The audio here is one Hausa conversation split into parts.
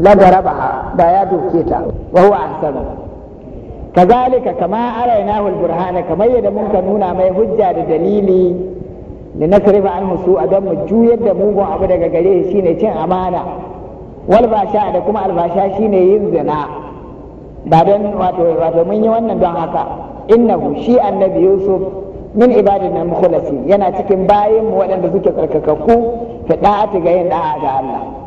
la darabaha ba ya doke ta wa huwa ahsanu kazalika kama arainahu alburhana kamar yadda mun ka nuna mai hujja da dalili da nasrifa an su adam mu juyar da mugun abu daga gare shi shine cin amana wal basha da kuma albasha shine yin zina ba don wato wato mun yi wannan don haka innahu shi annabi yusuf min ibadina mukhlasin yana cikin bayanmu waɗanda suke tsarkakakku ta da'ati ga yin da'a ga Allah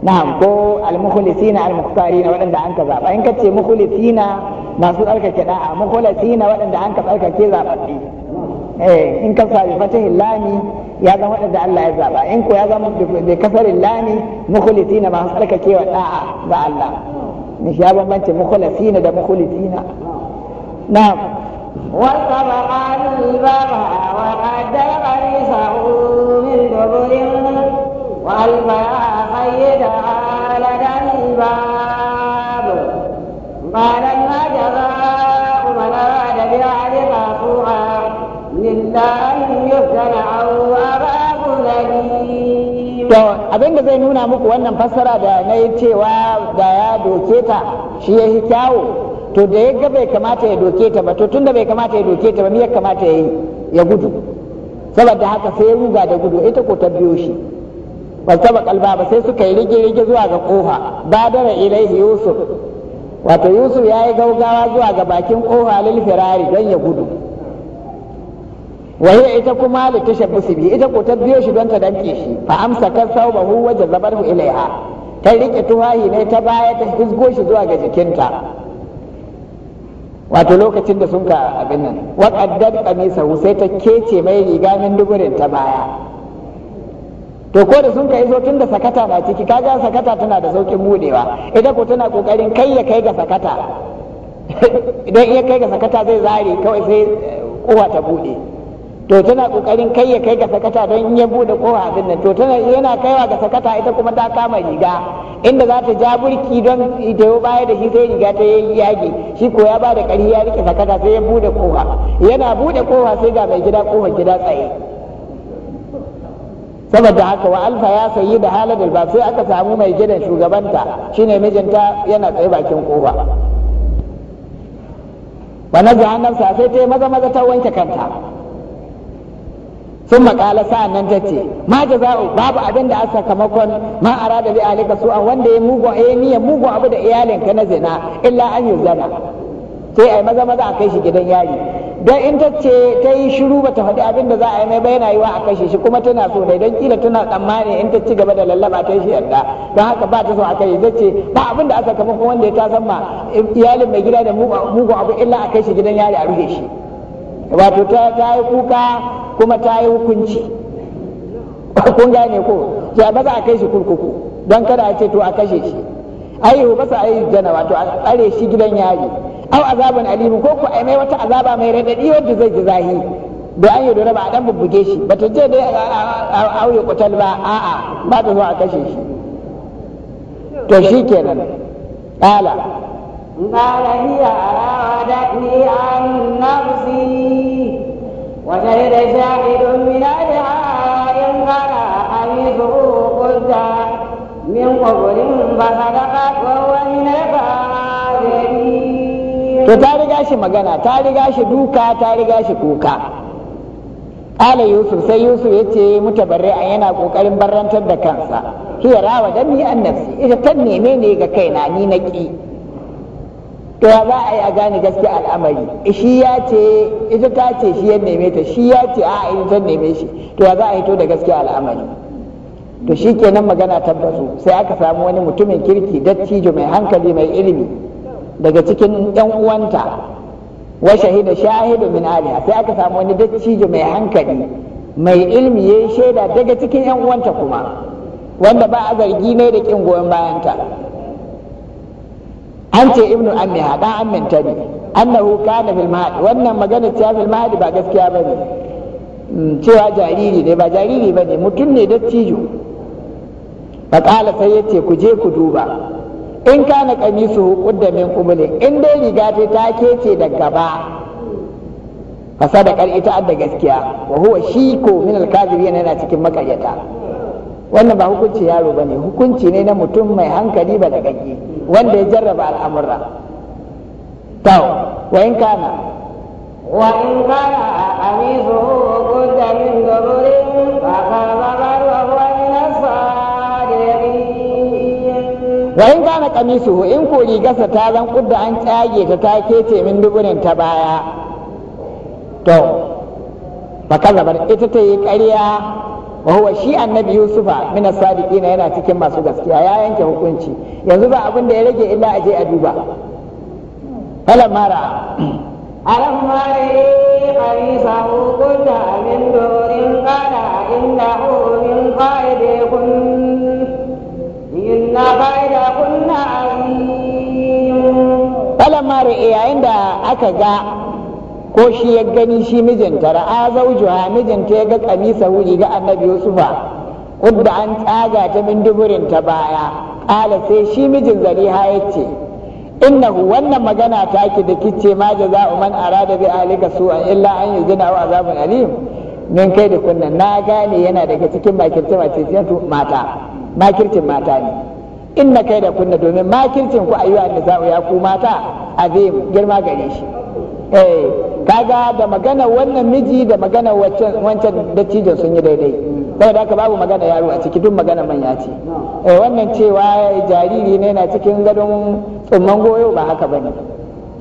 Na ko al-mukhlisina al-mukhtarina waɗanda an ka zaba in kace mukhlisina masu tsarkake da'a mukhlisina waɗanda an ka tsarkake zababbi eh, in ka sabi fatahin lami ya zama waɗanda Allah ya zaba in ko ya zama da kasarin lami mukhlisina masu tsarkake da'a ga Allah ni ya bambance mukhlisina da mukhlisina na'am wa sabaqa تعالى الباب قال ما جزاء من أراد بعلم سوءا لله يفتن أو عذاب أليم abin da zai nuna muku wannan fassara da na yi cewa da ya doke ta shi ya yi kyawo to da ya ga bai kamata ya doke ta ba to tun da bai kamata ya doke ta ba me ya kamata ya gudu saboda haka sai ya ruga da gudu ita ko ta biyo shi ba kalba sai suka yi rige rige zuwa ga kofa badara ilaihi yusuf wato yusuf ya yi gaugawa zuwa ga bakin kofa lil firari don ya gudu wahiya ita kuma li tashabbusi bi ita ko ta biyo shi don ta danke shi fa amsa kan saubahu wa jazabahu ilaiha ta rike tuhahi ne ta baya ta hizgo shi zuwa ga jikinta wato lokacin da sun ka abin nan wa qaddad qamisahu sai ta kece mai riga min duburin ta baya to ko da sun kai zo tun da sakata na ciki kaga sakata tana da saukin budewa idan ko tana kokarin kai ya kai ga sakata idan iya kai ga sakata zai zare kawai sai eh, kowa ta bude to tana kokarin kai ya kai ga sakata don in ya bude kowa abin nan to tana yana kaiwa ga sakata ita kuma ta kama riga inda za ta ja burki don ita baya da shi sai riga ta yi yage shi ko ya bada ƙarfi ya rike sakata sai ya bude kowa yana bude kowa sai ga mai gida kowa gida tsaye saboda haka wa alfa ya sayi da halar ba sai aka samu mai gidan shugabanta shine mijinta yana tsaye bakin kofa wannan jahannan sa sai ta maza maza ta wanke kanta sun makala sa'an nan ta ce ma babu abin da aka sakamakon ma arada bi alika su an wanda ya mugun eh, ya niyya abu da iyalinka na zina illa an yi zana sai ai maza maza a kai shi gidan yari don in ta ce ta yi shiru ba ta faɗi abin da za a yi mai bayana yiwa a kashe shi kuma tana so ne don kila tana tsammani in ta ci gaba da lallaba ta shi yarda don haka ba ta so a kashe zai ce ba abin da aka kama wanda ya tasan ma iyalin mai gida da mugun abu illa a kai shi gidan yari a rufe shi wato ta yi kuka kuma ta yi hukunci kun gane ko ce ba za a kai shi kurkuku don kada a ce to a kashe shi ayyuhu ba sa ayyuhu jana wato a tsare shi gidan yari aw azaban alimu ko ku ai mai wata azaba mai raɗaɗi wanda zai ji zahi da an yi dora ba a dan bubbuge shi ba ta je dai aw ya kutal ba a'a ba ta zo a kashe shi to shi kenan qala قال من أهلها إن قال حميده to ta riga shi magana ta riga shi duka ta riga shi kuka ala yusuf sai yusuf ya ce mutabarri a yana kokarin barantar da kansa hiya rawa da ni an nafsi ita ta neme ne ga kaina ni na ki to ya za a yi a gane gaske al'amari e, shi ya ce ita ta ce shi ya neme ta shi ya ce a ita ta neme shi to ya za a hito da gaske al'amari to shi kenan magana tabbasu sai aka samu wani mutumin kirki dattijo mai hankali mai ilimi daga cikin yan uwanta wa shahida shahidu min aliha sai aka samu wani dattijo mai hankali mai ilmi yayi shaida daga cikin yan uwanta kuma wanda ba a zargi ne da kin goyon bayanta an ce ibnu ammiha dan ammin ta ne annahu kana fil mahdi wannan magana ta fil mahdi ba gaskiya bane hmm, cewa jariri ne ba jariri bane mutum ne dattijo fa qala sai yace ku je ku duba in kana kamisu kudda min kubule in dai riga ta ta kece da gaba fa sadaqar ita adda gaskiya wa huwa shiko min al-kadhibin yana cikin makaryata wannan ba hukunci yaro bane hukunci ne na mutum mai hankali ba da gaggi wanda ya jarraba al'amura to wa in kana wa in kana amisu kudda min qubli fa wa in kana qamisuhu in ko rigarsa ta zan kudda an tsage ta ta kece min dubunin ta baya to zabar ita ta yi ƙarya wa huwa shi annabi yusufa min as-sadiqina yana cikin masu gaskiya ya yanke hukunci yanzu ba abin da ya rage illa a je a duba falan mara alam ai qamisahu qudda min durin qala innahu min qaidi kun inna mare eh, yayin da aka ga ko shi ya gani shi mijinta ra'a zaujuha mijinta ya ga kamisa huji ga annabi yusufa wadda an tsaga ta min duburin ta baya ƙala sai shi mijin zariha ya ce innahu wannan magana ta ki da kice ma jaza'u man arada bi su, an illa an yuzina wa azabun alim min kai da kunnan na gane yana daga cikin makirce mata makircin mata ne inna kai da kunna domin makircin ku ayyuwa da za'u ya ku mata azim girma gare shi eh kaga da magana wannan miji da magana wancan dattijon sun yi daidai saboda haka babu magana yaro a ciki duk magana manya ce eh wannan cewa jariri ne yana cikin gadon tsumman goyo ba haka bane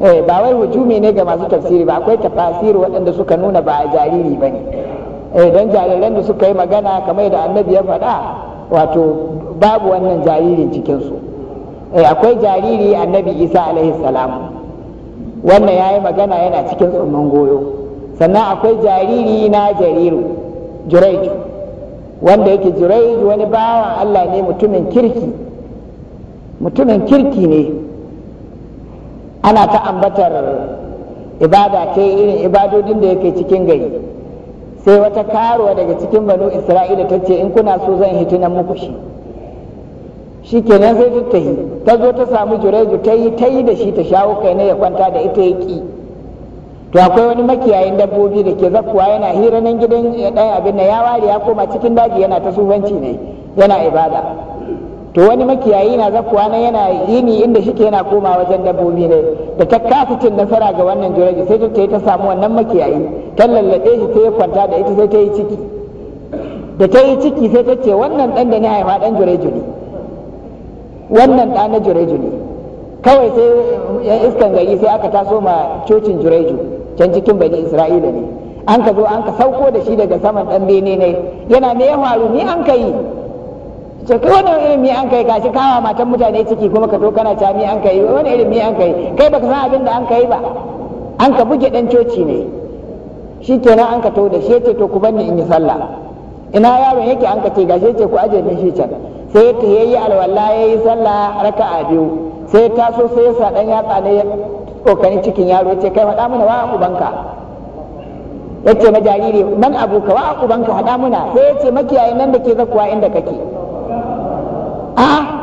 eh ba wai hujumi ne ga masu tafsiri ba akwai tafasiri waɗanda suka nuna ba jariri bane eh dan jariran da suka yi magana kamar da annabi ya faɗa wato babu wannan jaririn cikinsu eh, akwai jariri annabi isa alaihi salam wannan ya yi magana yana cikin tsumman goyo sannan akwai jariri na jariru juraiju wanda yake juraiju wani bawan allah ne mutumin kirki mutumin kirki ne ana ta ambatar ibada ta irin ibadodin da yake cikin gari sai wata karuwa daga cikin banu isra'ila ta ce in kuna so zan hitinan muku shi shi kenan zai ta ta zo ta samu jureju ta yi ta yi da shi ta shawo kai ne ya kwanta da ita ya ki to akwai wani makiyayin dabbobi da ke zakuwa yana hira nan gidan dan eh, abin na ya ware ya koma cikin daji yana ta sufanci ne yana ibada to wani makiyayi na zakuwa na yana yini inda shike yana koma wajen dabbobi ne da ta kasa cin nasara ga wannan jirage sai ta ta samu wannan makiyayi ta lallabe shi sai ya kwanta da ita sai ta yi ciki da ta yi ciki sai ta ce wannan dan da ni haifa dan jirage ne wannan ɗan na jirage ne kawai sai yan iskan gari sai aka taso ma cocin jirage can cikin bani isra'ila ne an ka zo an ka sauko da shi daga saman ɗan bene ne yana me ya faru ni an ka yi ce kai wani irin mi an kai shi kawa matan mutane ciki kuma ka to kana ca mi an kai wani irin mi an kai kai baka san abin da an kai ba an ka buge dan coci ne shi kenan an ka to da shi yace to ku banni in yi sallah ina yaron yake an ka ce shi yace ku aje min shi can sai ya yayi alwala yayi sallah raka'a biyu sai ya taso sai ya sa dan yatsa ne ya kokari cikin yaro yace kai faɗa mana wa ubanka yace ma jariri man abuka wa ubanka faɗa mana? sai yace makiyayin nan da ke zakuwa inda kake a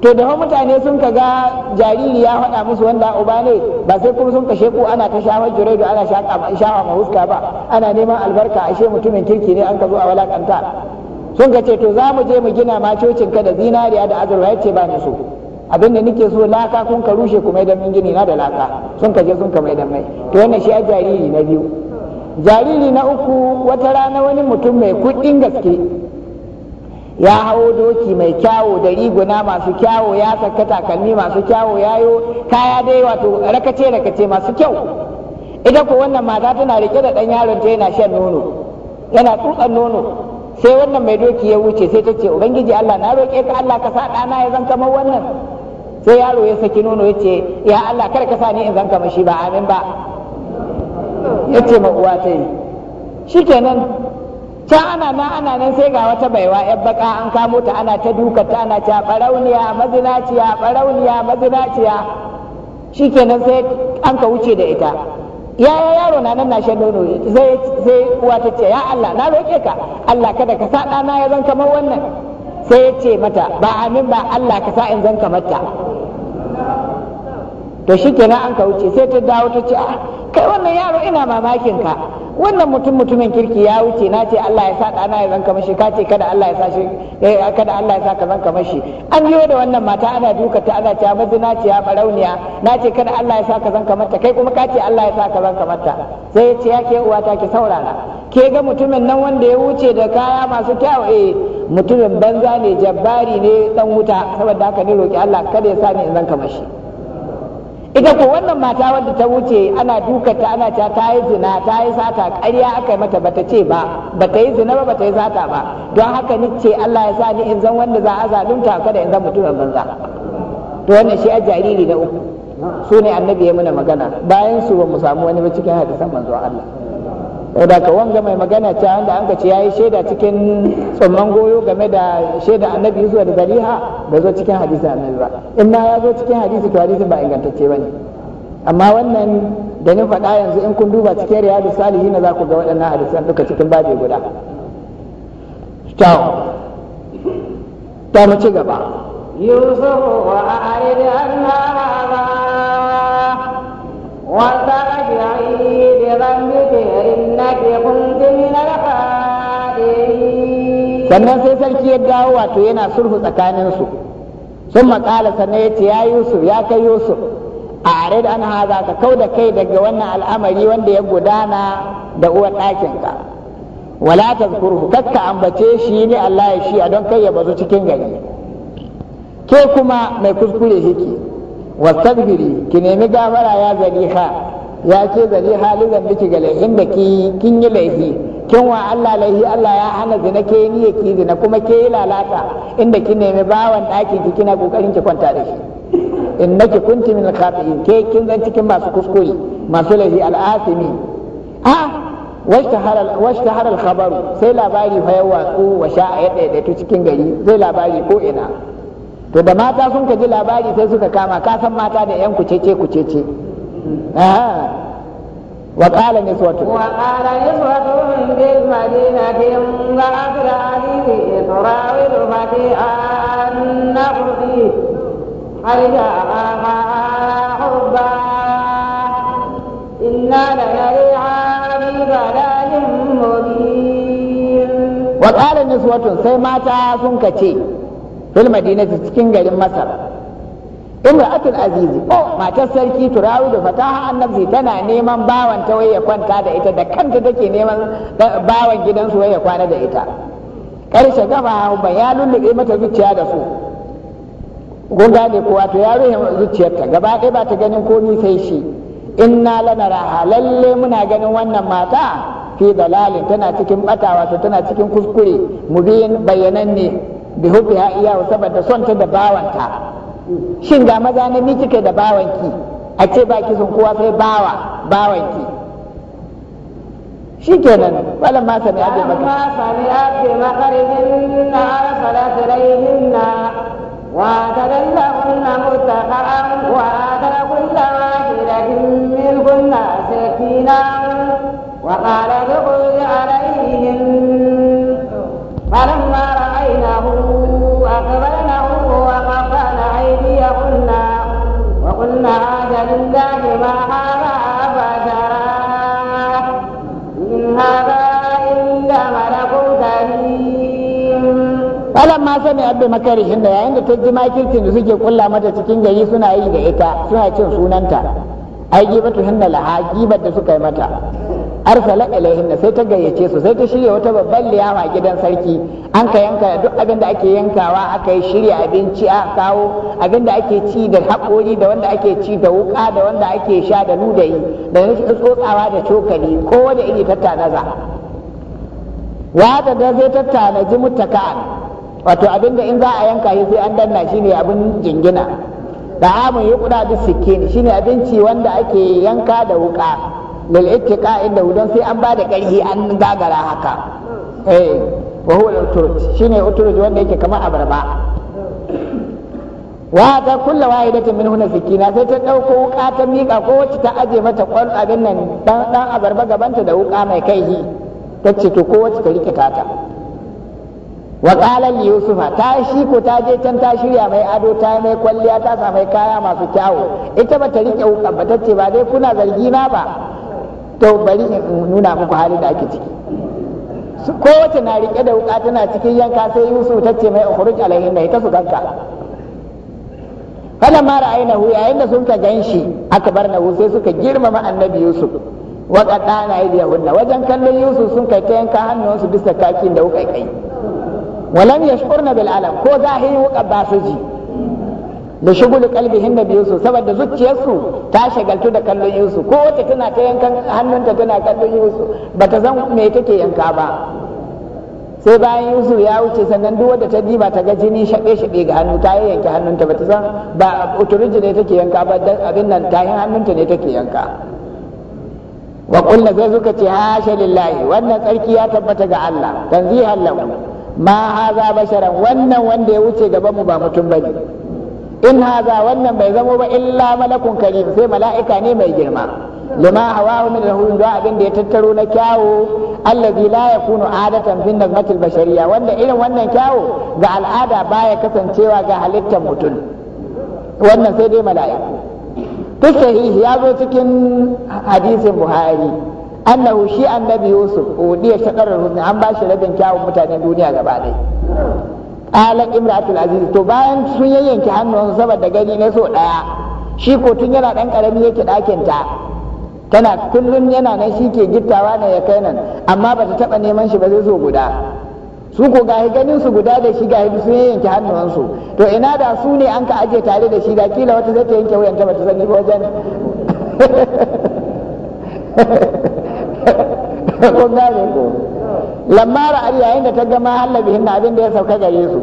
to da mutane sun ka ga jariri ya faɗa musu wanda uba ne ba sai kuma sun kashe ku ana ta shawar jirai ana shawa ma huska ba ana neman albarka ashe mutumin kirki ne an ka zo a walakanta sun ka ce to za mu je mu gina ma cocin ka da zinariya da azurwa ya ce ba ni so abin da nake so laka kun ka rushe kuma idan min gini na da laka sun ka je sun ka mai da mai to wannan shi a jariri na biyu jariri na uku wata rana wani mutum mai kuɗin gaske ya hau doki mai kyawo da riguna masu kyawo ya saka takalmi masu kyawo ya yi kaya dai wato rakace rakace masu kyau Idan ko wannan mata tana rike da ɗan yaron ta yana shan nono yana tsutsan nono sai wannan mai doki ya wuce sai ta ce ubangiji Allah na roƙe ka Allah ka sa dana ya zan kamar wannan sai yaro ya saki nono ya ce ya Allah kar ka sa ni in zan kamar shi ba amin ba ya ce ma uwa ta yi shikenan ta ana nan ana nan sai ga wata baiwa 'yar baka an kamo ta ana ta duka ta ana ta barauniya mazinaciya barauniya mazinaciya shikenan sai an ka wuce da ita Yaya yaro na nan na shan nono zai zai uwa ta ce ya Allah na roke ka Allah kada ka sa dana ya zan kamar wannan sai ya ce mata ba amin ba Allah ka sa in zan kamar to shi kenan an ka wuce sai ta dawo ta ce a ah, kai wannan yaro ina mamakin ka wannan mutum mutumin kirki ya wuce na ce Allah ya sa ɗana ya zanka mashi ka ce kada Allah ya sa shi eh, kada Allah ya sa ka zanka mashi an yi da wannan mata ana duka ta ana cewa na ce ya barauniya na ce kada Allah ya sa ka zanka mata kai kuma ka ce Allah ya sa ka zanka mata sai ya ce ya ke uwata ki saurara ke ga mutumin nan wanda ya wuce da kaya masu kyau eh mutumin banza ne jabbari ne dan wuta saboda haka ne roki Allah kada ya sa ni in zanka mashi ita ko wannan mata wadda ta wuce ana dukata ana ta ta yi zina ta yi sata ƙarya aka yi mata bata ce ba bata yi zina ba bata yi sata ba don haka ni ce Allah ya sa ni in zan wanda za a zalunta kada in zan mutumin banza to wannan shi a jariri na uku su ne annabi ya muna magana bayan su ba mu samu wani ba cikin hadisan manzo Allah da ka wanga mai magana ta an da an gace yi shaida cikin tsumman goyo game da shaida annabi zuwa da zariha ba zo cikin hadisi annabi ba in ma ya zo cikin hadisi to hadisin ba ingantacce ba ne amma wannan da ni faɗa yanzu in kun duba cikin riyadu salihin za ku ga waɗannan hadisan duka cikin babe guda ta mu ci gaba yusuf wa a'rid an hada wa sannan sai sarki ya dawo wato yana sulhu tsakaninsu sun matsala sannan ya ce ya yusuf ya kai yusuf a arid an haza ka kau da kai daga wannan al'amari wanda ya gudana da uwar ɗakinka wala ta kakka ambace shi ne allah ya shi a don kai ya bazu cikin gari ke kuma mai kuskure wasu wastabiri ki nemi gafara ya zaliha ya ce zari zan miki ga laifin da kin yi laifi kin wa Allah laifi Allah ya hana zina ke ni niyya ki zina kuma ke yi lalata inda ki nemi bawan ɗakin ki kina ƙoƙarin ki kwanta da shi ki kunti min al ke kin zan cikin masu kuskure masu laifi al'asimi a washtahara al-khabar sai labari fa yawa ko wa sha'a ya daidaito cikin gari zai labari ko ina to da mata sun ka ji labari sai suka kama ka san mata da yan kucece kucece وقال نسوة وقال نسوة بالمدينة امرأة العزيز تراود فتي عن نفسي حيث wa ƙarin niswatun sai mata sun kace fil madinati cikin garin masar imra'atul azizi ko matar sarki turawi da fataha annabi tana neman bawan ta waye kwanta da ita da kanta take neman bawan gidansu waye kwana da ita karshe gaba ba ya lullube mata zuciya da su kun gane kuwa to ya ruhe zuciyarta gaba ɗaya ba ta ganin komi sai shi inna raha, lalle muna ganin wannan mata fi dalalin tana cikin bata wato tana cikin kuskure mu ne bi hubbiha iyahu saboda son ta da bawanta shin ga maza na miji kai da bawanki a ce ba ki sun kowa sai bawa bawanki shi kenan balan ma sami ake maka ma sami ake makarihin na fara siraihin na wa tadalla kunna mutaqa'an wa tadalla kunna wahidatin min kunna sakinan wa qala dukhul alaihim ma sani abin makarishin da yayin da ta ji makirkin da suke kulla mata cikin gari suna yi ga ita suna cin sunanta ai gibatu hinna laha gibar da suka yi mata arsala ilaihin sai ta gayyace su sai ta shirya wata babban liyafa a gidan sarki an ka yanka duk abin da ake yankawa aka yi shirya abinci a kawo abin da ake ci da haƙori da wanda ake ci da wuka da wanda ake sha da nudayi da tsotsawa da cokali ko wanda iri tattanaza wata da zai tattanaji mutaka wato abinda in za a yanka shi sai an danna shine abin jingina da amin yi kuda bi shi shine abinci wanda ake yanka da wuka lil ittiqa inda wudan sai an bada karhi an gagara haka eh wa huwa al shine uturuj wanda yake kamar abarba wa ta kullu wahidatin min huna sikina sai ta dauko wuka ta mika ko wacce ta aje mata kwal abin nan dan dan abarba gabanta da wuka mai kaihi ce to ko wacce ta rike ta wa yusufa ta shi ko ta je can ta shirya mai ado ta mai kwalliya ta sa mai kaya masu kyawu ita ba ta riƙe wukan ba ta ce ba dai kuna zargi na ba to bari in nuna muku halin da ake ciki ko na riƙe da wuka tana cikin yanka sai yusuf ta ce mai ukhruj alayhi na ita su ganka kala ma hu yayin da sun ka ganshi aka bar nahu sai suka girmama annabi yusuf wa qadana aydiyahunna wajen kallon yusuf sun kai ta yanka hannunsu bisa kakin da wuka kai walam yashurna bil alam ko zahirin wuka ba su ji da shugulu kalbi da biyu saboda zuciyarsu ta shagaltu da kallon yusuf ko wata tana ta yankan hannunta tana kallon yusuf bata san me take yanka ba sai bayan yusuf ya wuce sannan duk wadda ta diba ta ga jini shaɓe shaɓe ga hannu ta yanke hannunta bata san ba uturiji ne take yanka ba dan abin nan ta hannunta ne take yanka wa kullu sai suka ce ha lillahi wannan tsarki ya tabbata ga Allah tanzihan lahu ma haza basharan wannan wanda ya wuce gaban mu ba mutum bane in haza wannan bai zamo ba illa malakun karim sai mala'ika ne mai girma lima hawahu min lahu da abin da ya tattaro na kyawo allazi la yakunu adatan fi nazmati albashariya wanda irin wannan kyawo ga al'ada baya kasancewa ga halittar mutum wannan sai dai mala'iku duk ya zo cikin hadisin buhari annahu shi annabi yusuf ya shakarar rumi an ba shi rabin kyawun mutanen duniya gaba ɗaya alan imratul aziz to bayan sun yayyanki hannun saboda gani na so daya shi ko tun yana dan karami yake dakin ta tana kullun yana nan shi ke gittawa ne ya kai nan amma bata taba neman shi ba zai zo guda su ko gahi ganin su guda da shi gahi sun yanke hannuwansu to ina da su ne an ka aje tare da shi da kila wata zai ta yanke wuyanta bata sani ba wajen kun gane ko lamma ra'ayi yayin da ta gama ma hallabihin na abin da ya sauka gare su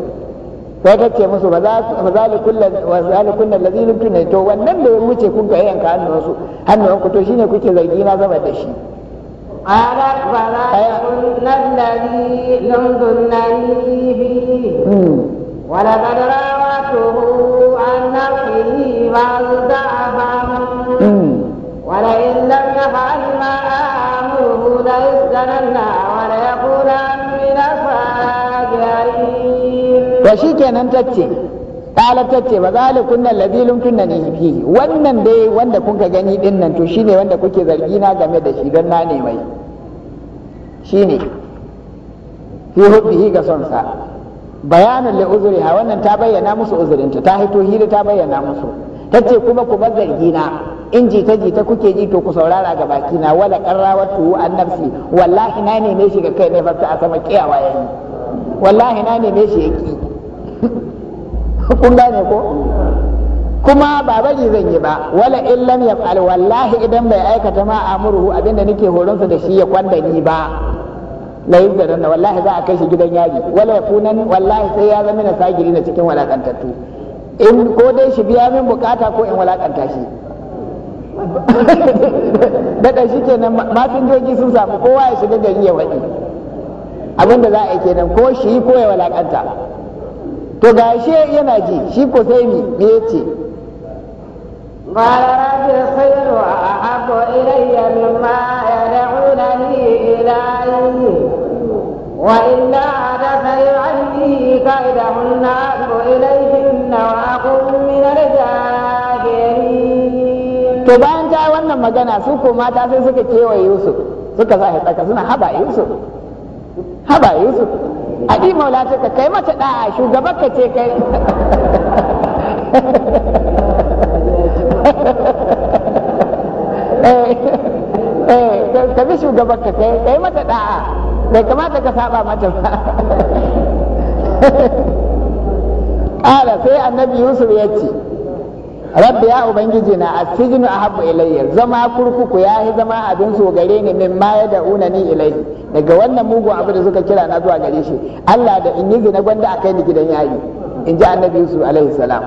sai ta ce musu ba za li kullal wa za li kullal ladhi lutuna to wannan da ya wuce kun ga yanka hannun su hannun ku to shine kuke zargi na zama da shi ala fala kullal ladhi lundunani bi hmm. wala badrawatuhu an nafsihi wa da'aban hmm. wala in lam yaf'al إذا kenan وليكونن من الفاجرين وشيكين أن ba nan labilun tunna ne wannan dai wanda kun ka gani ɗin nan to shine wanda kuke zargi na game da shi don na ne mai Shi ne fi hubbihi ga son sa bayanin uzuri ha wannan ta bayyana musu uzurinta ta hito hira ta bayyana musu tace kuma ku bar zargi na in jita jita kuke ji to ku saurara ga baki na wala tu an nafsi wallahi na neme shi ga kai ne fasta a sama kiyawa yayi wallahi na ne me shi yake kun gane ko kuma ba bari zan yi ba wala in ya yaf'al wallahi idan bai aikata ma amuruhu abinda nake horonsa da shi ya kwanda ni ba la yuzarana wallahi za a kai shi gidan yaji wala yakunan wallahi sai ya zama na sagiri na cikin walakantattu in ko dai shi biya min bukata ko in walakanta shi daɗa shi nan mafin doki sun samu kowa ya shiga gari ya waɗi abin da za a yi kenan ko shi ko ya walakanta to ga shi yana ji shi ko sai mi me ya ce Mara bi a abu ilayya ma ya da'unani ilayi wa illa da sai an yi ka'idahun na ilayhin na to bayan ta yi wannan magana su ko mata sai suka kewa Yusuf suka sa tsaka suna haba Yusuf haba Yusuf a ɗi maula ce ka kai mata a shugaban ka ce kai eh, eh, ka bi shugaban ka kai kai mata da'a bai kamata ka saba mata ba ala sai annabi Yusuf ya ce rabbi ya ubangiji na asijinu a habu ilayya zama kurkuku ya yi zama abin so gare ni min ma ya da'una ni ilayya daga wannan mugu abu da suka kira na zuwa gare shi Allah da in yi zina gwanda a kai ni gidan yayi in ji annabi su alaihi salam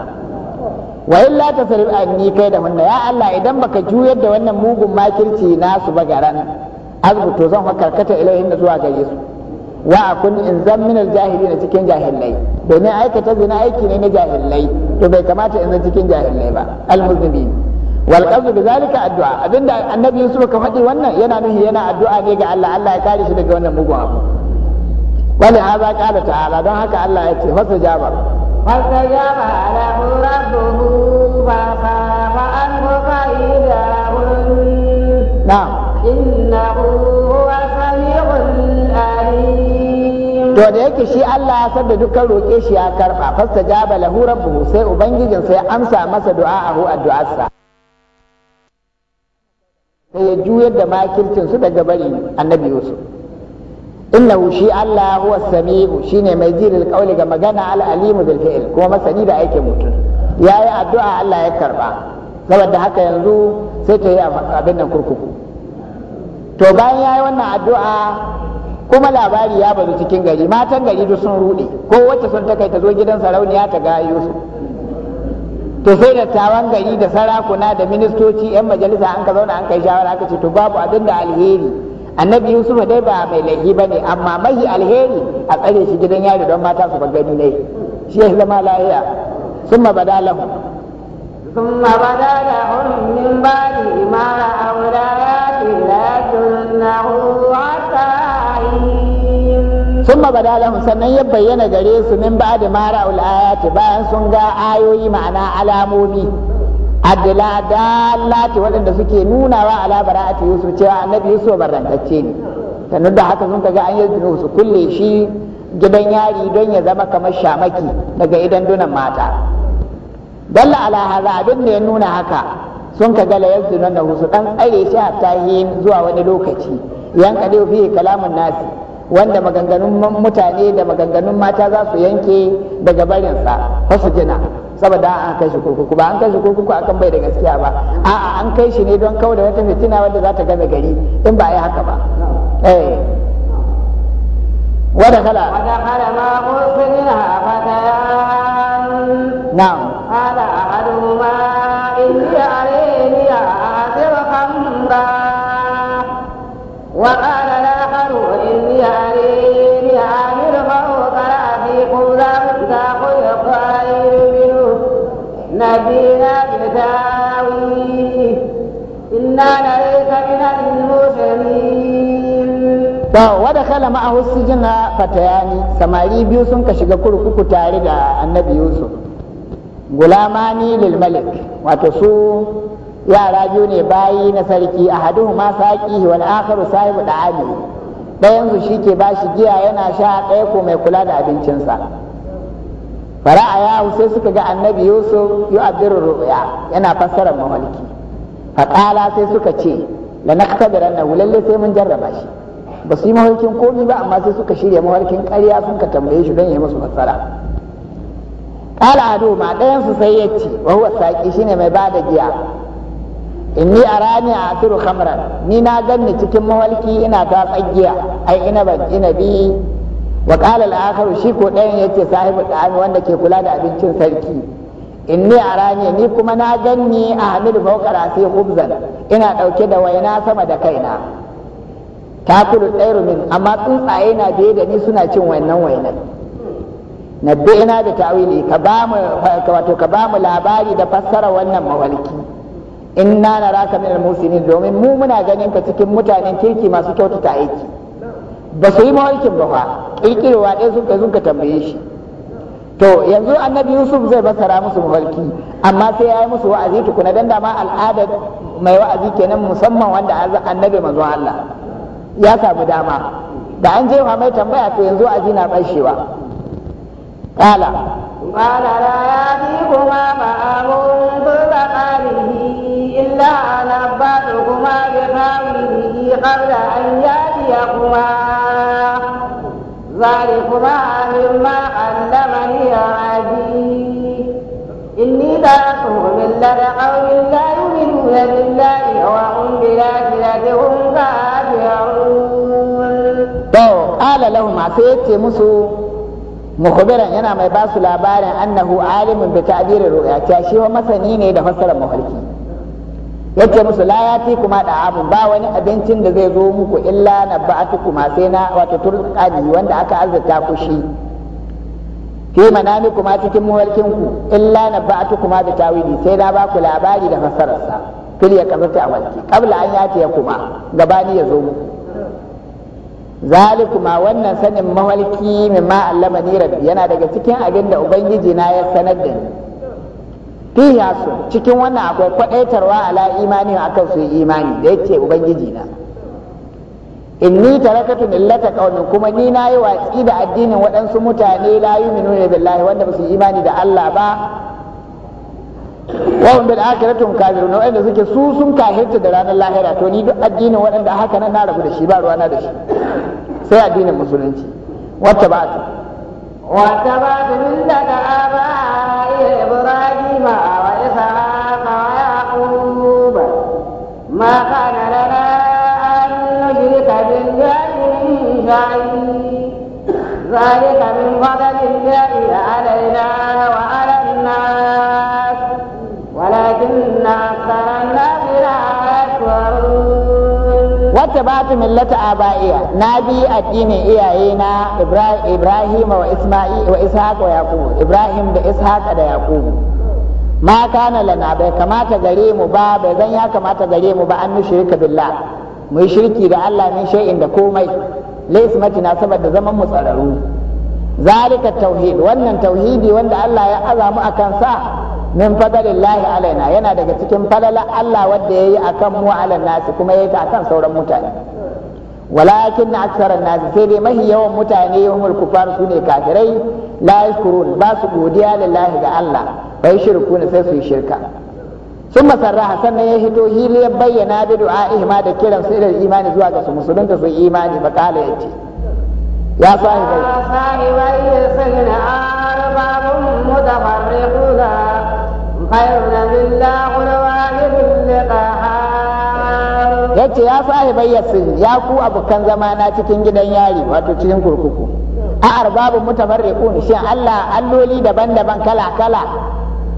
wa illa tasrif ni kai da hunna ya Allah idan baka juyar da wannan mugun makirci nasu ba garan azbu to zan karkata ilayya da zuwa gare su wa akun in zan min na cikin jahillai domin aikata zina aiki ne na jahilai to bai kamata in zan cikin jahillai ba almuzlimin wal qasdu bizalika addu'a abinda annabi Yusuf ka faɗi wannan yana nuhi yana addu'a ne ga Allah Allah ya kare shi daga wannan mugun abu wani haza kala ta'ala don haka Allah ya ce fasa jabar fasa jabar ala rabbuhu fa fa fa an fa ila na'am innahu to da yake shi Allah ya san da dukkan roƙe shi ya karba fastajaba lahu rabbuhu sai ubangijin sai amsa masa du'a'ahu addu'arsa sai ya juyar da makircin su daga bari annabi Yusuf innahu shi Allah huwa sami'u shine mai jiril kauli ga magana al alimu bil fi'l kuma masani da aikin mutum yayi addu'a Allah ya karba saboda haka yanzu sai ta yi abin nan kurkuku to bayan yayi wannan addu'a kuma labari ya bazu cikin gari matan gari duk sun rude ko wacce sun takai ta zo gidan sarauniya ta ga Yusuf to sai dattawan gari da sarakuna da ministoci yan majalisa an ka zauna an kai shawara aka ce to babu abin da alheri annabi Yusuf dai ba mai laifi bane amma mai alheri a tsare shi gidan yari don mata su ba gani ne shi ya zama lahiya sun mabada lahu badalahu min ba'di ma بعد ما رأوا sun bada lahum sannan ya bayyana gare su min ba da mara ayati bayan sun ga ayoyi ma'ana alamomi adila dalati waɗanda suke nunawa ala bara'ati yusuf cewa annabi yusuf barrantacce ne sannan da haka sun ga an yi su kulle shi gidan yari don ya zama kamar shamaki daga idan dunan mata dalla ala haza abin da ya nuna haka sun ka gala yanzu nan su dan tsare shi hatta zuwa wani lokaci yan kade fi kalamun nasi wanda maganganun mutane da maganganun mata za su yanke daga barinsa fa su jina saboda an kai shi kurkuku ba an kai shi kurkuku akan bai da gaskiya ba a'a an kai shi ne don kawo da wata fitina wadda za ta gane gari in ba yi haka ba eh. wadda kala wadda kala ma kurkunin na'am kala a wa ربنا بتاويله a نريك من المسلمين ودخل معه السجن فتيان سماري بيوسن كشغا كركوكو تاري دا النبي يوسف غلاماني للملك واتسو yara biyu ne bayi na sarki a ma saƙi wal akharu sahibu da ɗayan su shi ke bashi, shi giya yana sha ɗaya ko mai kula da abincinsa hau sai suka ga annabi yusuf yu'abbiru ru'ya yana fassara mamalki faƙala sai suka ce da na la naqtadirannahu wulalle sai mun jarraba shi ba su yi mahalkin komi ba amma sai suka shirya mawalkin ƙarya sun ka tambaye shi don ya musu fassara ƙala ado ma ɗayan su sai yaci wa huwa saqi shine mai bada giya In ni a rani a asiru khamran ni na ganni cikin mahalki ina ta tsagiya ai ina ban ina bi wa ƙalar shi ko ɗayan ya yace sahibu ɗani wanda ke kula da abincin sarki In a arani ni kuma na ganni hamidu fawqa sai hubzan ina ɗauke da waina sama da kaina kudu tsairu min amma tsuntsaye na biye da ni suna cin wannan wainan ina da ta'wili ka ba wato ka ba mu labari da fassara wannan mawalki inna naraka minal musulmi domin mu muna ganin ka cikin mutanen kirki masu kyautata aiki ba su yi mawarkin ba ba kirkirwa ɗaya suka kai ka tambaye shi to yanzu annabi yusuf zai basara musu mafarki amma sai ya yi musu wa'azi tukuna dan dama ma al'adar mai wa'azi kenan musamman wanda annabi mazu Allah ya samu dama da an jefa mai tambaya to yanzu aji na bashewa qala qala la yatiquma ma'amun إلا أن أنبأتكما بتأويله قبل أن يأتيكما ذلكما مما علمني أبي إني تركت ملة قوم لا يؤمنون بالله وهم بآخرتهم كافرون. قال لهما سيتي مسو mukhbiran yana mai basu labarin annahu alimin bi ta'bir ru'ya ta shi wa masani ne da fassarar mafarki yace musu la yati kuma da amun ba wani abincin da zai zo muku illa na ba'atu kuma sai na wato turqani wanda aka azurta ku shi fi manami kuma cikin muwalkin ku illa na ba'atu kuma da tawili sai na ba ku labari da fasararsa sa fil ya kamata a walki kabla an yace ya kuma gabani ya zo muku zalikuma wannan sanin mawalki mimma allama ni rabbi yana daga cikin abinda ubangiji na ya sanar da ni fiya su cikin wannan akwai kwadaitarwa ala imani akan su imani da yake ubangiji na inni tarakatu millata qaumi kuma ni nayi watsi da addinin waɗansu mutane la yuminu billahi wanda ba su imani da Allah ba wa hum bil akhiratum kafirun wanda suke su sun kafirta da ranar lahira to ni duk addinin waɗanda haka nan na rabu da shi ba na da shi sai addinin musulunci wata ba ta wata ba ta min daga aba الغني ذلك من فضل الله علينا وعلى الناس ولكن أكثر الناس لا Wacce ba su millata abaiya, na bi addinin iyayena Ibrahim wa Isma'i wa Ishaq Ibrahim da Ishaq da Yaqub. Ma kana bai kamata gare mu ba, bai zan ya kamata gare mu ba an nushirka billah. Mu yi shirki da Allah min shay'in da komai. laismatina saboda zaman mu tsararru zalika tauhid wannan tauhidi wanda Allah ya azamu akan sa min lillahi alaina yana daga cikin falala Allah wanda yayi akan mu ala nasi kuma yayi ta akan sauran mutane walakin aksaran nasi sai dai mahi yawan mutane yawmul kufar su ne kafirai la yashkurun ba su godiya lillahi ga Allah bai shirku ne sai su yi shirka sun masarra masarraha na ya hito hili ya bayyana bi du'a'ihi ma da kiran su ilal imani zuwa ga su musulunta su imani fa kala yace ya sahibai ya sahibai sayyidina arbabun mutafarriquna khayrun lillahi wahidul liqahar yace ya sahibai yasin ya ku abokan zama na cikin gidan yari wato cikin kurkuku a arbabun mutafarriqun shin Allah alloli daban-daban kala-kala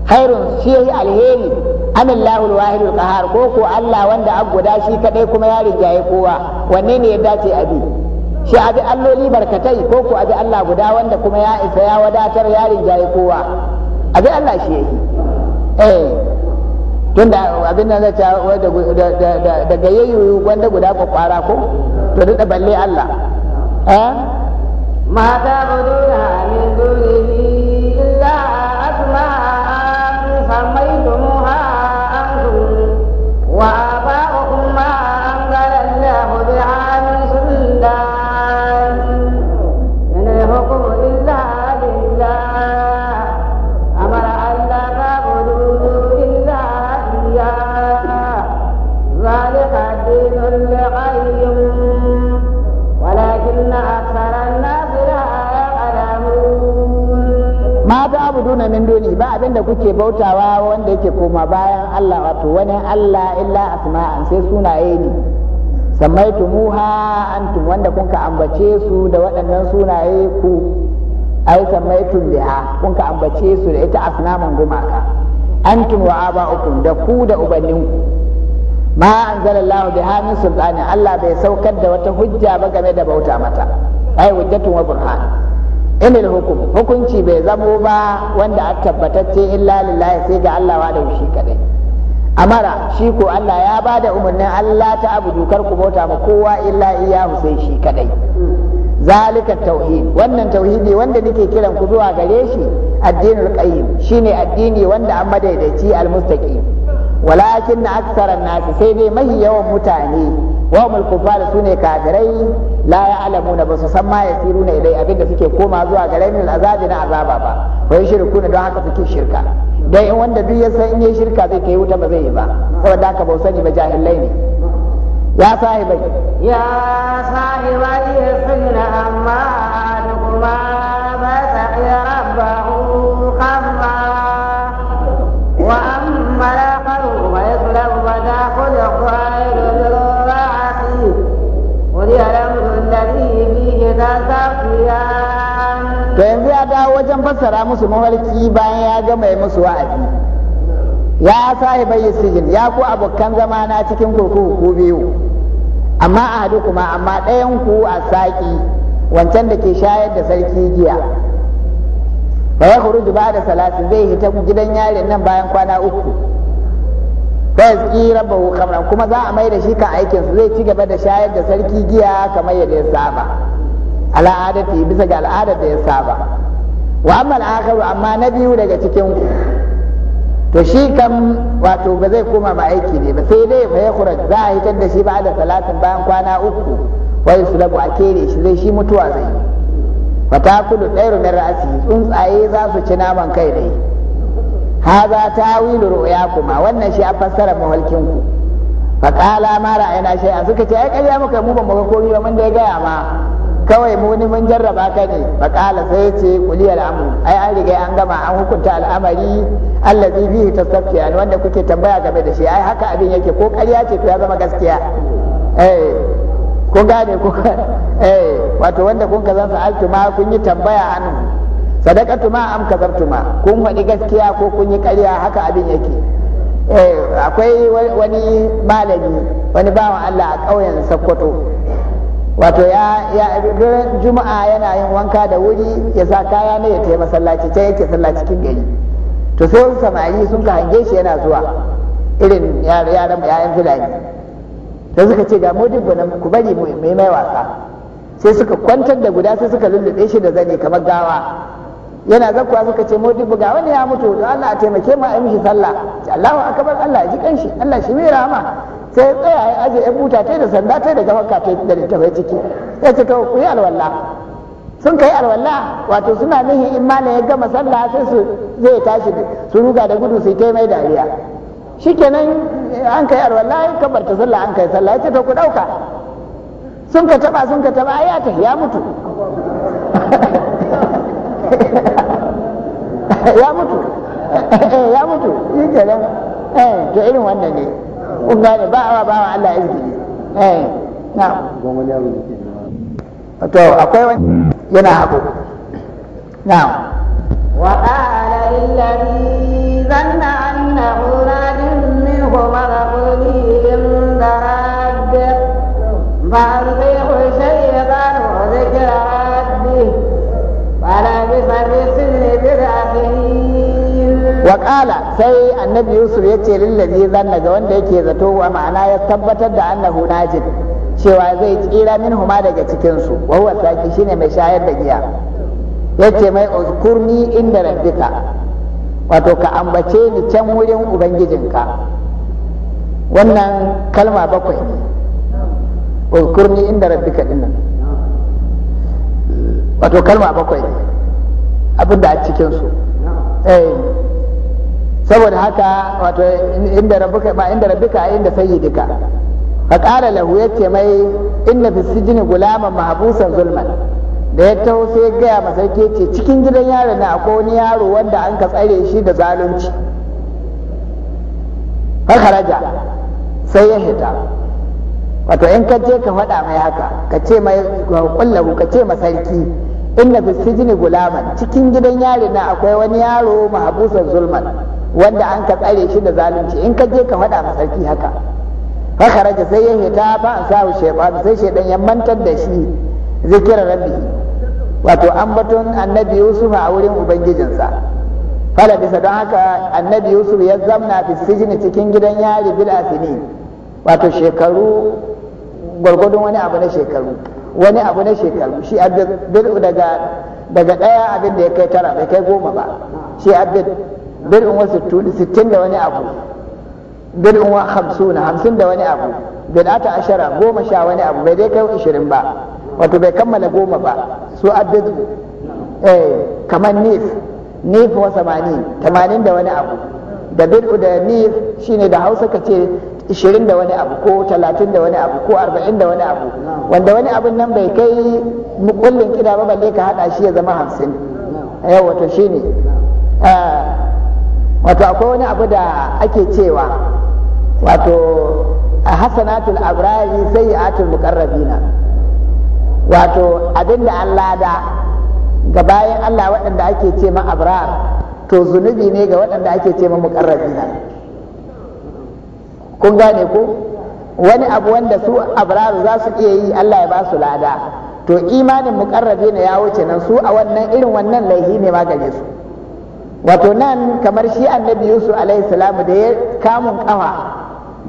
khairun shi alheri am Allahu al-wahid al-qahar ko ko Allah wanda an guda shi kadai kuma ya rinjaye kowa wanne ne ya dace abi shi abi alloli barkatai ko ko abi Allah guda wanda kuma ya isa ya wadatar ya rinjaye kowa abi Allah shi yake eh tunda abin nan zai ta daga yayyu wanda guda kwakwara ko to da balle Allah eh ma ta budura min duni ba abinda kuke bautawa wanda yake koma bayan Allah wato wani Allah illa asma'an sai sunaye ne muha antum wanda kun ka ambace su da waɗannan sunaye ku ai sammaitum biha kun ka ambace su da ita asnaman gumaka antum wa aba'ukum da ku da ku ma anzalallahu biha min sultani Allah bai saukar da wata hujja ba game da bauta mata ai hujjatun wa burhan inil hukum hukunci bai zamo ba wanda a tabbatacce illa lillahi sai ga Allah wa da shi kadai amara shi ko Allah ya ba da umarnin Allah ta abu dukar ku bauta ma kowa illa iyahu sai shi kadai zalika tauhid wannan tauhidi wanda nake kiran ku zuwa gare shi addinul qayyim shine addini wanda an madaidaici al-mustaqiyu. almustaqim walakin aksara nasi sai dai mahi yawan mutane wa mul kufar sune kafirai la ya'lamuna ba su san ma yasiruna ilai abinda suke koma zuwa ga rainin azabi na azaba ba wai shirku ne don haka suke shirka dan in wanda duk ya san in yi shirka zai kai wuta ba zai yi ba saboda haka ba sani ba jahilai ne ya sahibai ya sahibai sunna amma dukuma ba ta rabbahu khamma to yanzu ya dawo wajen fassara musu mafarki bayan ya ga mai musu wa'azi ya bayyar sijin ya ku abokan zama na cikin kurkuku ku biyu amma a hadu kuma amma ɗayan ku a saƙi wancan da ke shayar da sarki giya ba ya khuruju da salatin zai hita gidan yarin nan bayan kwana uku fa yaski rabba kuma za a mai da shi kan aikinsa zai ci gaba da shayar da sarki giya kamar yadda ya saba al'adati bisa ga al'adar da ya saba wa amma al'akaru amma na biyu daga cikin ku to shi kam wato ba zai koma ba aiki ne ba sai dai fa ya za a hitar da shi ba da talatin bayan kwana uku wai su lagu a kere shi zai shi mutuwa zai yi ta kulu ɗairu min ra'asi tsuntsaye za su ci naman kai dai haza ta wilu ru'ya kuma wannan shi a fassara mahalkin ku fa qala ma ra'ayna a suka ce ai ƙarya muka mu ba mu ga komai ba mun da ya gaya ma kawai mu ni mun jarraba ka ne makala sai ya ce kuli al'amu ai an riga an gama an hukunta al'amari allazi bihi ne, wanda kuke tambaya game da shi ai haka abin yake ko ƙarya ce to ya zama gaskiya eh kun gane ko eh wato wanda kun ka zan sa'altu ma kun yi tambaya an sadaqatu ma am kazartu ma kun faɗi gaskiya ko kun yi ƙarya haka abin yake eh akwai wani malami wani bawan Allah a ƙauyen Sokoto wato ya ya juma'a yana yin wanka da wuri ya sa kaya ne ya tafi masallaci ta yake sallah cikin gari to sai samari sun ka hange shi yana zuwa irin yaran yayan fulani sai suka ce ga modibbo nan ku bari mu mai mai wasa sai suka kwantar da guda sai suka lullube shi da zane kamar gawa yana zakkuwa suka ce modibbo ga wani ya mutu To Allah a taimake mu a yi mishi sallah Allahu akbar Allah ya ji kanshi Allah shi mai rahama sai tsaya ya aje ya buta ta da sanda ta da gafanka ta da bai ciki ya ce to ku yi alwala sun kai alwala wato suna nihi in ya gama sallah sai su zai tashi su ruga da gudu su taimai mai dariya shikenan an kai alwala ya ta sallah an kai sallah ya ce to ku dauka sun ka taba sun ka taba ya ta ya mutu ya mutu ya mutu shi kenan eh to irin wannan ne kun gane ba ba wa Allah eh akwai wani yana hako na zanna annahu radin wa sai annabi yusuf ya ce lillazi zanna ga wanda yake zato wa ma'ana ya tabbatar da annahu najid cewa zai tsira min huma daga cikinsu wa huwa saki shine mai shayar da giya yace mai uzkurni inda rabbika wato ka ambace ni can wurin ubangijinka wannan kalma bakwai ne uzkurni inda rabbika dinnan wato kalma bakwai abinda a cikinsu eh saboda haka wato inda rabbuka ba inda rabbika inda sayyidika fa qala lahu yace mai inna fi sijni gulaman mahbusan zulman da ya taho sai ya gaya masa yake ce cikin gidan yaron na akwai wani yaro wanda an ka tsare shi da zalunci fa raja sai ya hita wato in ka je ka faɗa mai haka ka ce mai kullahu ka ce masarki inna fi sijni gulaman cikin gidan yaron na akwai wani yaro mahbusan zulman wanda an ka tsare shi da zalunci in ka je ka faɗa ma sarki haka fakaraja sai ya hita fa an sahu shaytan sai shaytan ya mantar da shi zikirar rabbi wato ambaton annabi yusuf a wurin ubangijinsa fala bisa don haka annabi yusuf ya zamna fi sijini cikin gidan yari bil asini wato shekaru gwargwadon wani abu na shekaru wani abu na shekaru shi abdul daga daga daya abin da ya kai tara bai kai goma ba shi abdul bid'un wa sittun sittin da wani abu bid'un wa hamsuna hamsin da wani abu bid'ata ashara goma sha wani abu bai dai kai ishirin ba wato bai kammala goma ba su addadu eh kamar nif nif wa samani tamanin da wani abu da bid'u da nif shine da hausa ka ce ishirin da wani abu ko talatin da wani abu ko arba'in da wani abu wanda wani abun nan bai kai mukullin kida ba balle ka hada shi ya zama hamsin yau wato shine ah, wato akwai wani abu da ake cewa wato a hasanatul abrari sayyi'atul mukarrabina wato abinda Allah da ga bayan Allah waɗanda ake ce ma abrar to zunubi ne ga waɗanda ake ce ma mukarrabina kun gane ku, wani abu wanda su abrar za su iya yi Allah ya ba su lada to imanin na ya wuce nan su a wannan irin wannan laihi ne ma su wato nan kamar shi annabi yusuf alaihi salamu da ya kamun kafa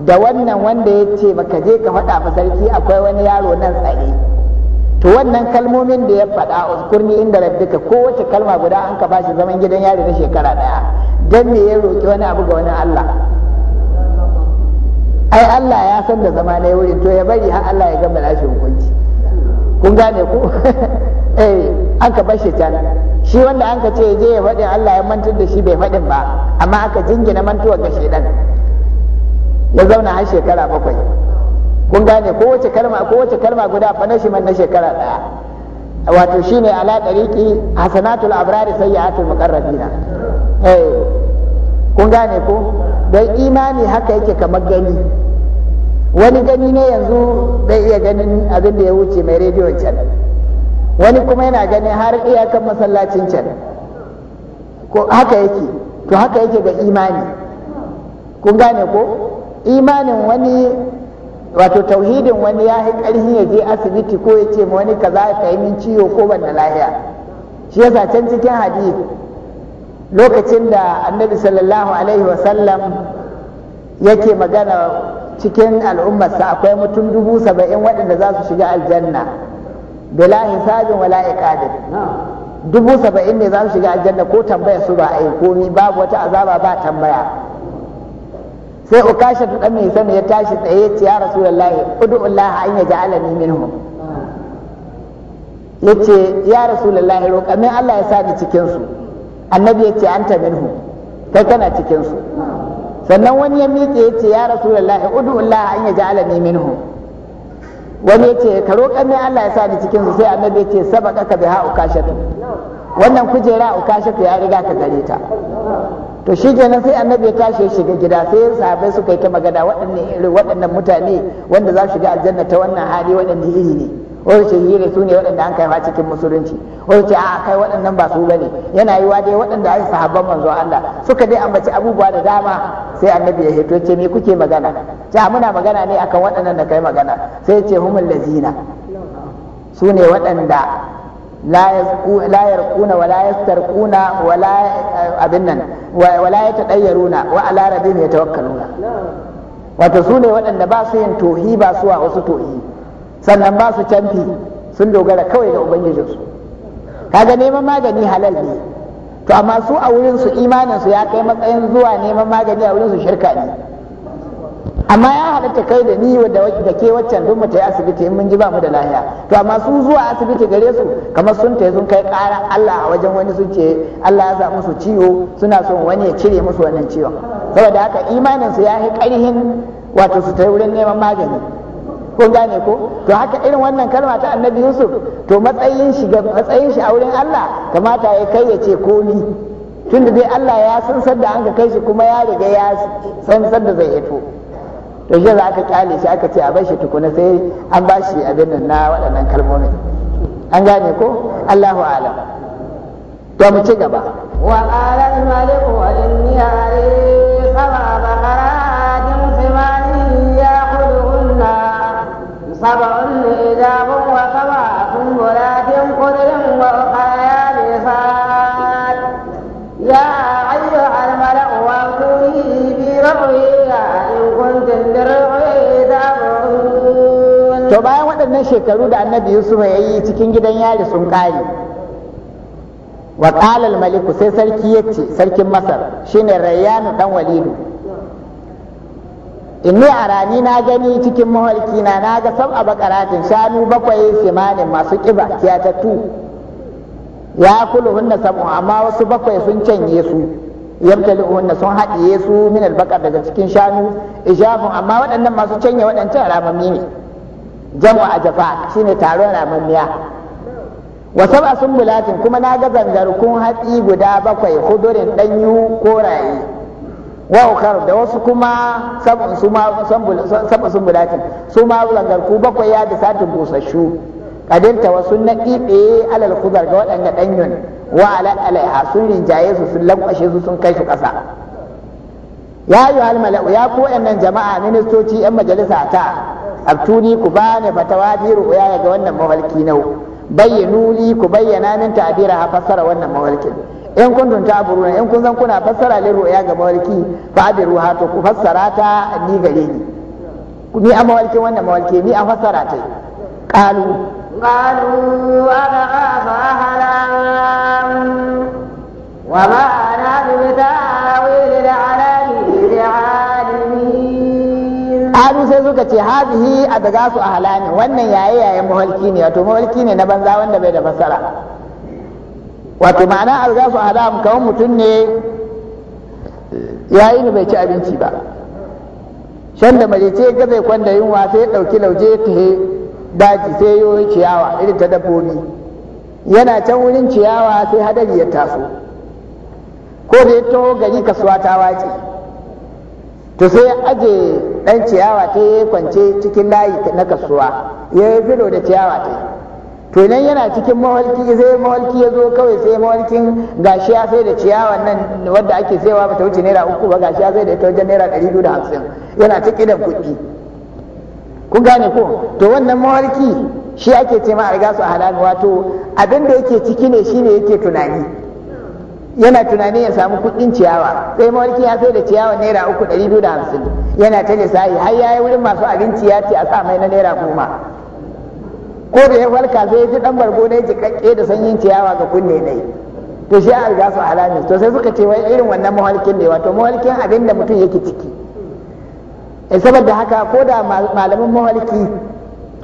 da wannan wanda ya ce baka je ka faɗa ba sarki akwai wani yaro nan tsare to wannan kalmomin da ya faɗa uskurni inda rabbika kowace kalma guda an ka bashi zaman gidan yari na shekara daya dan me ya roki wani abu ga wani Allah ai Allah ya san da zama na wurin to ya bari har Allah ya gama lashin hukunci kun gane ko eh. an ka bashi can shi wanda an ka ce je ya faɗin Allah ya mantar da shi bai faɗin ba amma aka jingina mantuwa ga shaidan ya zauna har shekara bakwai kun gane kowace kalma kowace kalma guda punishment na shekara daya wato shine ala dariki hasanatul abrari sayyi'atul muqarrabina eh kun gane ko don imani haka yake kamar gani wani gani ne yanzu bai iya ganin abin da ya wuce mai rediyon can wani kuma yana ganin har iyakan masallacin can ko haka yake to haka yake ga imani kun gane ko imanin wani wato tauhidin wani ya yi ƙarfi ya je asibiti ko ya ce wani kaza ka yi min ciwo ko ban da lahiya shi yasa can cikin hadith lokacin da annabi sallallahu alaihi wasallam yake magana cikin al'ummarsa akwai mutum dubu saba'in waɗanda za su shiga aljanna bila hisabin wala iqabin dubu saba'in ne za su shiga aljanna ko tambaya su ba a yi komi babu wata azaba ba tambaya sai ukasha ta dan mai sani ya tashi tsaye ce ya rasulullahi ud'ullah an ya ni minhum yace ya rasulullahi roƙa min Allah ya sani cikin su annabi yace anta minhum kai kana cikin su sannan wani ya miƙe yace ya rasulullahi ud'ullah an ni minhum wani ya ce ka roƙar ne Allah ya sa ni cikin su sai annabi ya ce sabaka ka biha ukashatu wannan kujera ukashatu ya riga ka gare ta to shi kenan sai annabi ya tashi ya shiga gida sai sahabbai suka yi ta magana waɗannan mutane wanda za su shiga aljanna ta wannan hali waɗanne iri ne wani ce yi da su ne waɗanda an ma cikin musulunci wani ce a kai waɗannan ba su bane yana yi dai waɗanda ake sahabban manzo Allah suka dai ambaci abubuwa da dama sai annabi ya hito ce me kuke magana ce muna magana ne akan waɗannan da kai magana sai ya ce humul lazina su ne waɗanda la yarquna wa la yastarquna wa la abin nan wa la yatadayyaruna wa ala rabbihim yatawakkaluna wato su ne waɗanda ba su yin tohi ba su wa wasu tohi sannan ba su canfi sun dogara kawai ga ubangijinsu kaga neman magani halal ne to amma su a wurin su imanin su ya kai matsayin zuwa neman magani a wurin su shirka ne amma ya halatta kai da ni da ke waccan duk mu yi asibiti in mun ji ba mu da lahiya to amma su zuwa asibiti gare su kamar sun tayi sun kai ƙara Allah a wajen wani sun ce Allah ya samu su ciwo suna son wani ya cire musu wannan ciwon saboda haka imanin su ya yi karhin wato su tayi wurin neman magani ko gane ko to haka irin wannan kalma ta annabi yusuf to matsayin shi ga matsayin shi a wurin allah kamata ya kai ya ce ko ni tunda dai allah ya san sadda an ka kai shi kuma ya riga ya san sadda zai hito to shi za ka kyale shi aka ce a bar shi tukuna sai an ba shi abin nan na waɗannan kalmomin an gane ko allahu alam to mu ci gaba wa alal malik wa inni سبع إذاب وسبع سنبلات قدر وأخرى يابسات يا أيها الملأ واذكري في إن كنتم برؤيا تعبرون to bayan waɗannan shekaru da annabi Yusuf ya yi cikin gidan yari sun ƙare wa maliku sai sarki yace sarkin masar shine rayyanu dan walidu ni a rani na gani cikin mahalki na na ga sab'a bakaratin shanu bakwai simanin masu kiba tu. ya kulu hunna samu amma wasu bakwai sun canye su yamtali hunna sun haɗiye su min albakar daga cikin shanu ijafin amma waɗannan masu canye waɗancan ramammi ne jam'u shi shine taron ramammiya wa sun bulatin kuma na ga zangarukun hatsi guda bakwai hudurin ɗanyu koraye wa da wasu kuma sabon su ma sun bulatin su ma langarku bakwai ya da satin busashu kadinta wasu na ɗiɗe alal kuzar ga waɗanda ɗanyun wa ala alaiha sun rinjaye su sun lankwashe su sun kai su ƙasa ya yi halmala'u ya ku waɗannan jama'a ministoci 'yan majalisa ta abtuni ku bani fatawa bi ya ga wannan mawalki nau bayyanu ku bayyana min ta'bira ha fassara wannan mawalkin in kun ta aburuna in kun zan kuna fassara lin ru'ya ga mawalki fa abi ha to ku fassara ta ni gare ni ni a mawalki wannan mawalki ni a fassara ta qalu qalu ana afa halam wa ma ana bi ta'wil Adu sai suka ce hazihi a daga su a halami wannan yaye yayin mawalki ne wato mawalki ne na banza wanda bai da fassara wato ma'ana algasu haram kamar mutum ne ya yi bai ci abinci ba shan da mace ga zai kwanda yunwa sai ya ɗauki lauje ta daji sai yi ciyawa irin ta dabbobi yana can wurin ciyawa sai hadari ya taso ko da ya gari kasuwa ta wace to sai ya aje dan ciyawa ta ya kwance cikin layi na kasuwa ya yi filo da ciyawa ta to idan yana cikin mawalki sai mawalki ya zo kawai sai mawalkin gashi ya sai da ciyawa nan wadda ake saiwa bata wuce naira uku ba gashi ya sai da ita wajen naira ɗari biyu da hamsin yana ta ƙidan kuɗi Ku gane ko to wannan mawalki shi ake ce ma a riga su a halami wato abin da yake ciki ne shi ne yake tunani yana tunani ya samu kuɗin ciyawa sai mawalki ya sai da ciyawa naira uku ɗari biyu da hamsin yana ta lissafi har ya yi wurin masu abinci ya ce a sa mai na naira goma ko da ya falka sai ya ji dan bargo ne jikakke da sanyin ciyawa ga kunne ne to shi a riga su halami to sai suka ce wai irin wannan muhalkin ne wato muhalkin abin da mutum yake ciki eh, saboda haka ko da malamin muhalki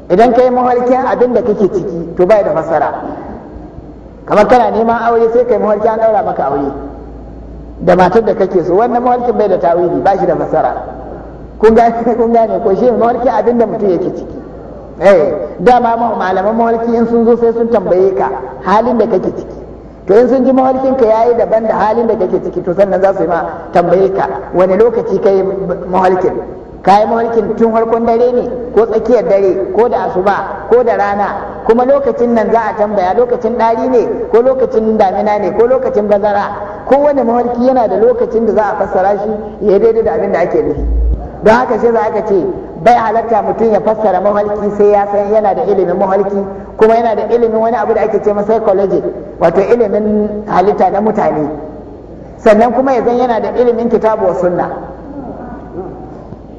idan kai muhalkin abin da kake ciki to bai da fassara kamar kana neman aure sai kai muhalki an daura maka aure da matar da kake so wannan muhalkin bai da tawili ba shi da fassara kun gane kun gane ko shi muhalkin abin da mutum yake ciki eh dama malaman mawalki in sun zo sai sun tambaye ka halin da kake ciki to in sun ji mawalkin ka yayi daban da halin da kake ciki to sannan za su yi ma tambaye ka wani lokaci kai mawalkin kayi mawalkin tun farkon dare ne ko tsakiyar dare ko da asuba ko da rana kuma lokacin nan za a tambaya lokacin ɗari ne ko lokacin damina ne ko lokacin bazara kowane mawarki yana da lokacin da za a fassara shi ya daidai da abin da ake nufi don haka sai za ka ce bai halatta mutum ya fassara mahalki sai ya san yana da ilimin mahalki kuma yana da ilimin wani abu da ake ce psychology wato ilimin halitta na mutane sannan kuma ya zan yana da ilimin kitabu wa sunna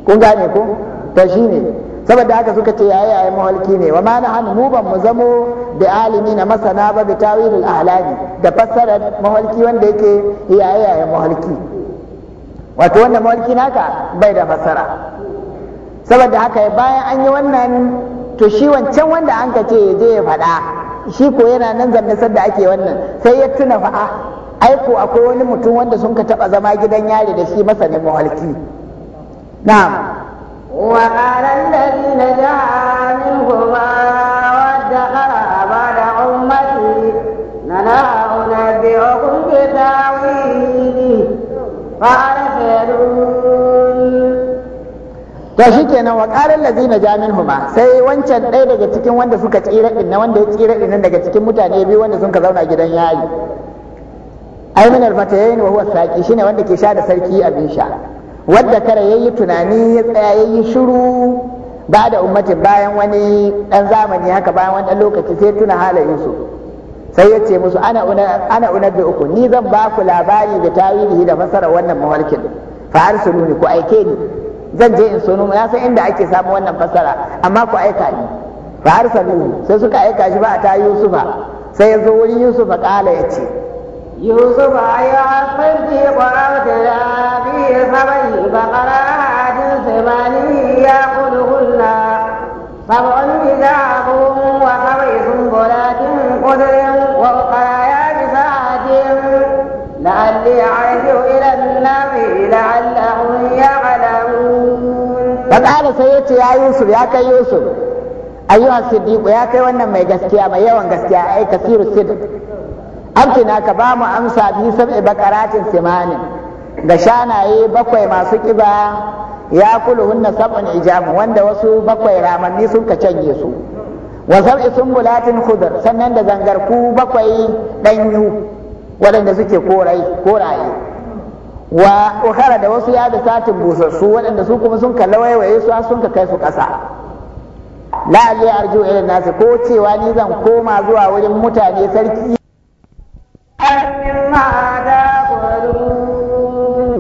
kun gane ko to shine saboda haka suka ce yayi yayi mahalki ne wa mana mu ban mu zamo da alimi na masana ba bi tawilul ahlali da fassara mahalki wanda yake yayi yayi mahalki wato wanda mahalki naka bai da fassara saboda haka bayan an yi wannan to shi wancan wanda an ka ce ya je ya faɗa shi ko yana nan zanne da ake wannan sai ya tuna fa'a aiko ah, akwai wani mutum wanda sun ka taɓa zama gidan yari da shi masanin muhalki na'am وقال الذين to kenan wa lazi lazina ja minhuma sai wancan ɗaya daga cikin wanda suka tsira din wanda ya tsira din daga cikin mutane biyu wanda sun ka zauna gidan yayi ai min yi wa huwa saqi shine wanda ke sha da sarki abin sha wadda kare yayi tunani ya tsaya yayi shiru ba da ummatin bayan wani dan zamani haka bayan wani dan lokaci sai tuna hala su sai ya ce musu ana una ana uku ni zan ba ku labari da tarihi da fasara wannan mawalkin fa nuni ku aike ni zan je in sono ya san inda ake samu wannan fasara, amma ku aika ni fa arsalu sai suka aika shi ba ta yusufa sai yanzu zo wurin yusufa kala ya ce yusufa ya farki qara'ata ya bi sabai baqara hadin sabani ya qulhulla sab'un bidabun wa sab'i sunbulatin qudrin wa uqaya bi sa'atin la'alli arju ila an-nabi la'alli dan sai ya ce ya Yusuf ya kai Yusuf ayyuhan siddiqu ya kai wannan mai gaskiya mai yawan gaskiya ai kasiru siddiq na ka ba mu amsa bi sab'i karatun simanin ga shanaye bakwai masu ƙiba ya kula hunna sab'an ijamu wanda wasu bakwai ramanni sun ka canje su wa sun sumbulatin khudr sannan da zangar ku bakwai ɗanyu waɗanda suke koraye wa da wasu ya da satin busassu waɗanda su kuma sun kalla waiwaye su sun ka kai su ƙasa la'alli arju ila nasi ko cewa ni zan koma zuwa wurin mutane sarki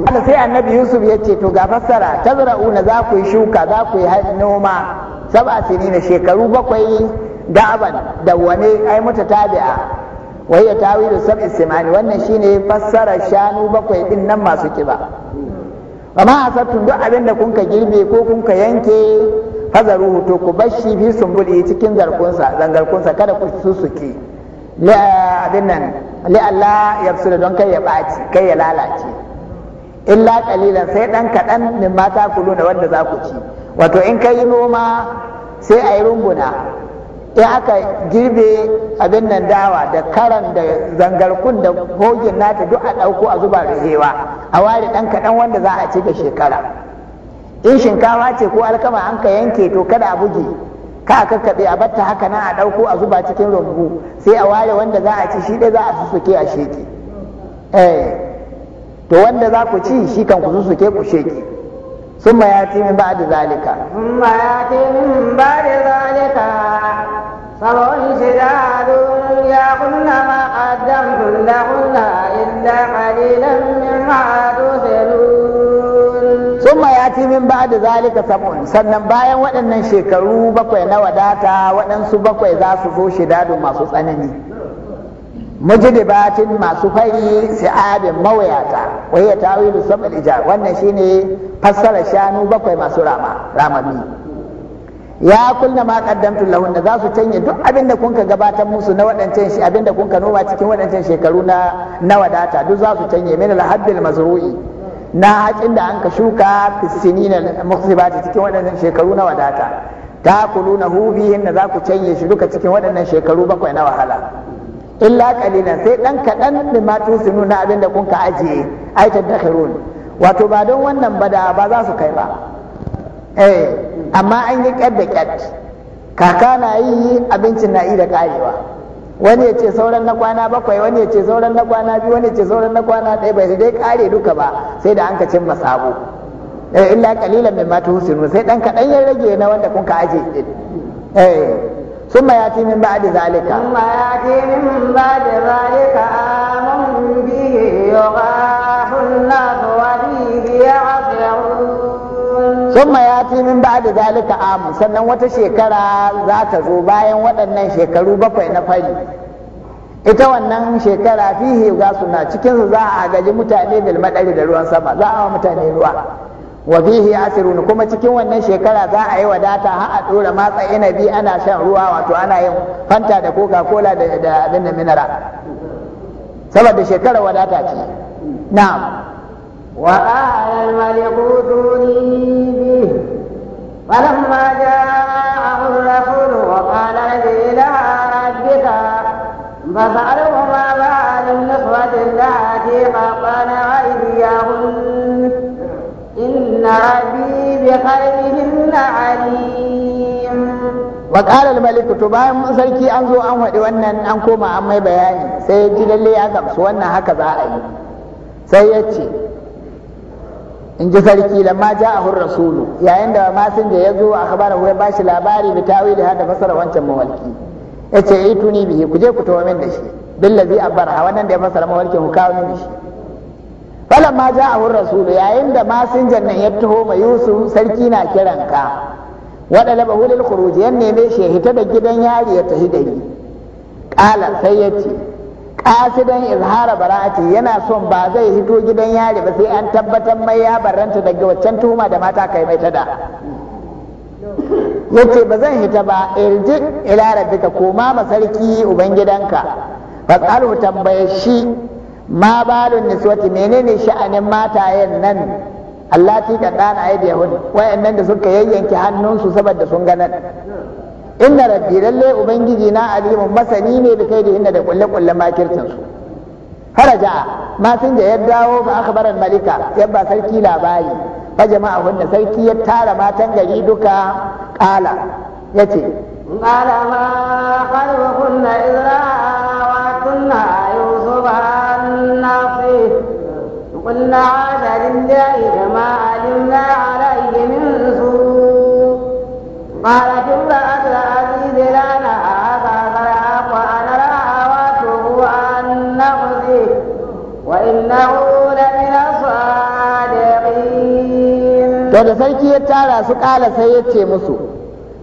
Allah sai annabi Yusuf ya ce to ga fassara tazra'una za ku yi shuka za ku yi noma sab'a sinina shekaru bakwai aban da wane ai tabi'a wa hiya tawilu sab'i simani wannan shine fassara shanu bakwai din nan masu kiba amma asabtum duk abin da kun ka girbe ko kun ka yanke fazaru to ku bashi fi sumbuli cikin zarkunsa zangarkunsa kada ku susuke abin nan li Allah ya don kai ya baci kai ya lalace illa kalilan sai dan kaɗan min mata kulu wanda za ku ci wato in kai noma sai ayi yi runguna in aka girbe abin nan dawa da karan da zangarkun da hogin nata duk a ɗauko a zuba ruhewa a ware ɗan kaɗan wanda za a ci da shekara in shinkawa ce ko alkama an ka yanke to kada a buge ka a kakkaɓe a batta haka nan a ɗauko a zuba cikin rumbu sai a ware wanda za a ci shi ɗaya za a susuke a sheki eh to wanda za ku ci shi kan ku susuke ku sheki Sun يأتي min بعد ذلك ثم يأتي من بعد ذلك سبع شداد يأكلن ما قدمتم لهن إلا قليلا مما تؤثرون ثم يأتي من بعد ذلك سبع sannan bayan waɗannan shekaru bakwai na wadata waɗansu bakwai za su zo shidadu masu tsanani mujdibatin masu fayi si'abin mawayata wa hiya tawilu sab'al ijar wannan shine fassara shanu bakwai masu rama ramami ya kulla ma qaddamtu da za su canye duk abin da kun ka gabatar musu na waɗancan shi abin da kun ka noma cikin waɗancan shekaru na na wadata duk za su canye min al mazru'i na hakin da an ka shuka fisinina muhsibati cikin waɗannan shekaru na wadata ta kuluna hubihin da za ku canye shi duka cikin waɗannan shekaru bakwai na wahala illa sai dan kaɗan da ma tusinu na abin da kun ka ajiye ai tadakhirun wato ba don wannan ba da ba za su kai ba eh amma an yi ƙyar da ƙyar kaka na yi abincin na yi da ƙarewa wani ya ce sauran na kwana bakwai wani ya ce sauran na kwana biyu wani ya ce sauran na kwana ɗaya bai dai ƙare duka ba sai da an ka cimma sabo eh illa kalilan min ma tuhsinu sai dan kaɗan ya rage na wanda kun ka aje din eh ثم يأتي من بعد ذلك ثم من بعد ذلك آمن به الناس ya yati min ba'da zalika amu sannan wata shekara za ta zo bayan waɗannan shekaru bakwai na fari ita wannan shekara fihi ga suna cikin su za a gaji mutane bil madari da ruwan sama za a wa mutane ruwa wa fihi asirun kuma cikin wannan shekara za a yi wadata har a dora matsa inabi ana shan ruwa wato ana yin fanta da coca cola da abin da mineral saboda shekara wadata ce na'am وقال الملك ائتوني به فلما جاءه الرسول وقال ارجع إلى ربك فسأله ما بال النصرة التي قطعن أيديهن إن ربي بخيرهن عليم وقال الملك تبان سلكي an zo an faɗi wannan an koma an mai bayani sai ya ji lalle ya gamsu wannan haka za a yi sai ya ce in ji sarki lamma hurra rasulu yayin da masin da ya zo a khabara ba bashi labari bi tawili hada fasara wancan mawalki yace yi tuni bihi ku je ku tawo min da shi billazi abara wannan da ya fasara mawalki ku kawo min shi a hurra rasulu yayin da masinjan nan ya taho ma yusuf sarki na kiran ka wada laba lil khuruj yan neme shi hita da gidan yari ya tahi dari qala sai yace asidan izhara bara'ati yana son ba zai hito gidan yari ba sai an tabbatar mai ya barranta daga waccan tuhuma da mata kai mai tada yace ba zan hita ba irji ila rabbika koma masarki ubangidanka fasalu tambaye shi ma balun niswati menene sha'anin matayen nan allati kadana aydihun wayannan da suka yayyanke hannunsu saboda sun ganar inna rabbi lalle ubangiji na alimun masani ne da kai da inna da kulle kulle makircin su faraja matan da ya dawo ba akhbaran malika ya ba sarki labari fa jama'a wanda sarki ya tara matan gari duka kala yace قال ما خلقكن إذ راواتن يوسف عن نفسه قلنا عاد لله كما علمنا عليه من قالت امرأة العزيز لا هذا غرق وأنا رأواته عن نفسي وإنه لمن الصادقين to da sarki ya tara su ƙala sai ya ce musu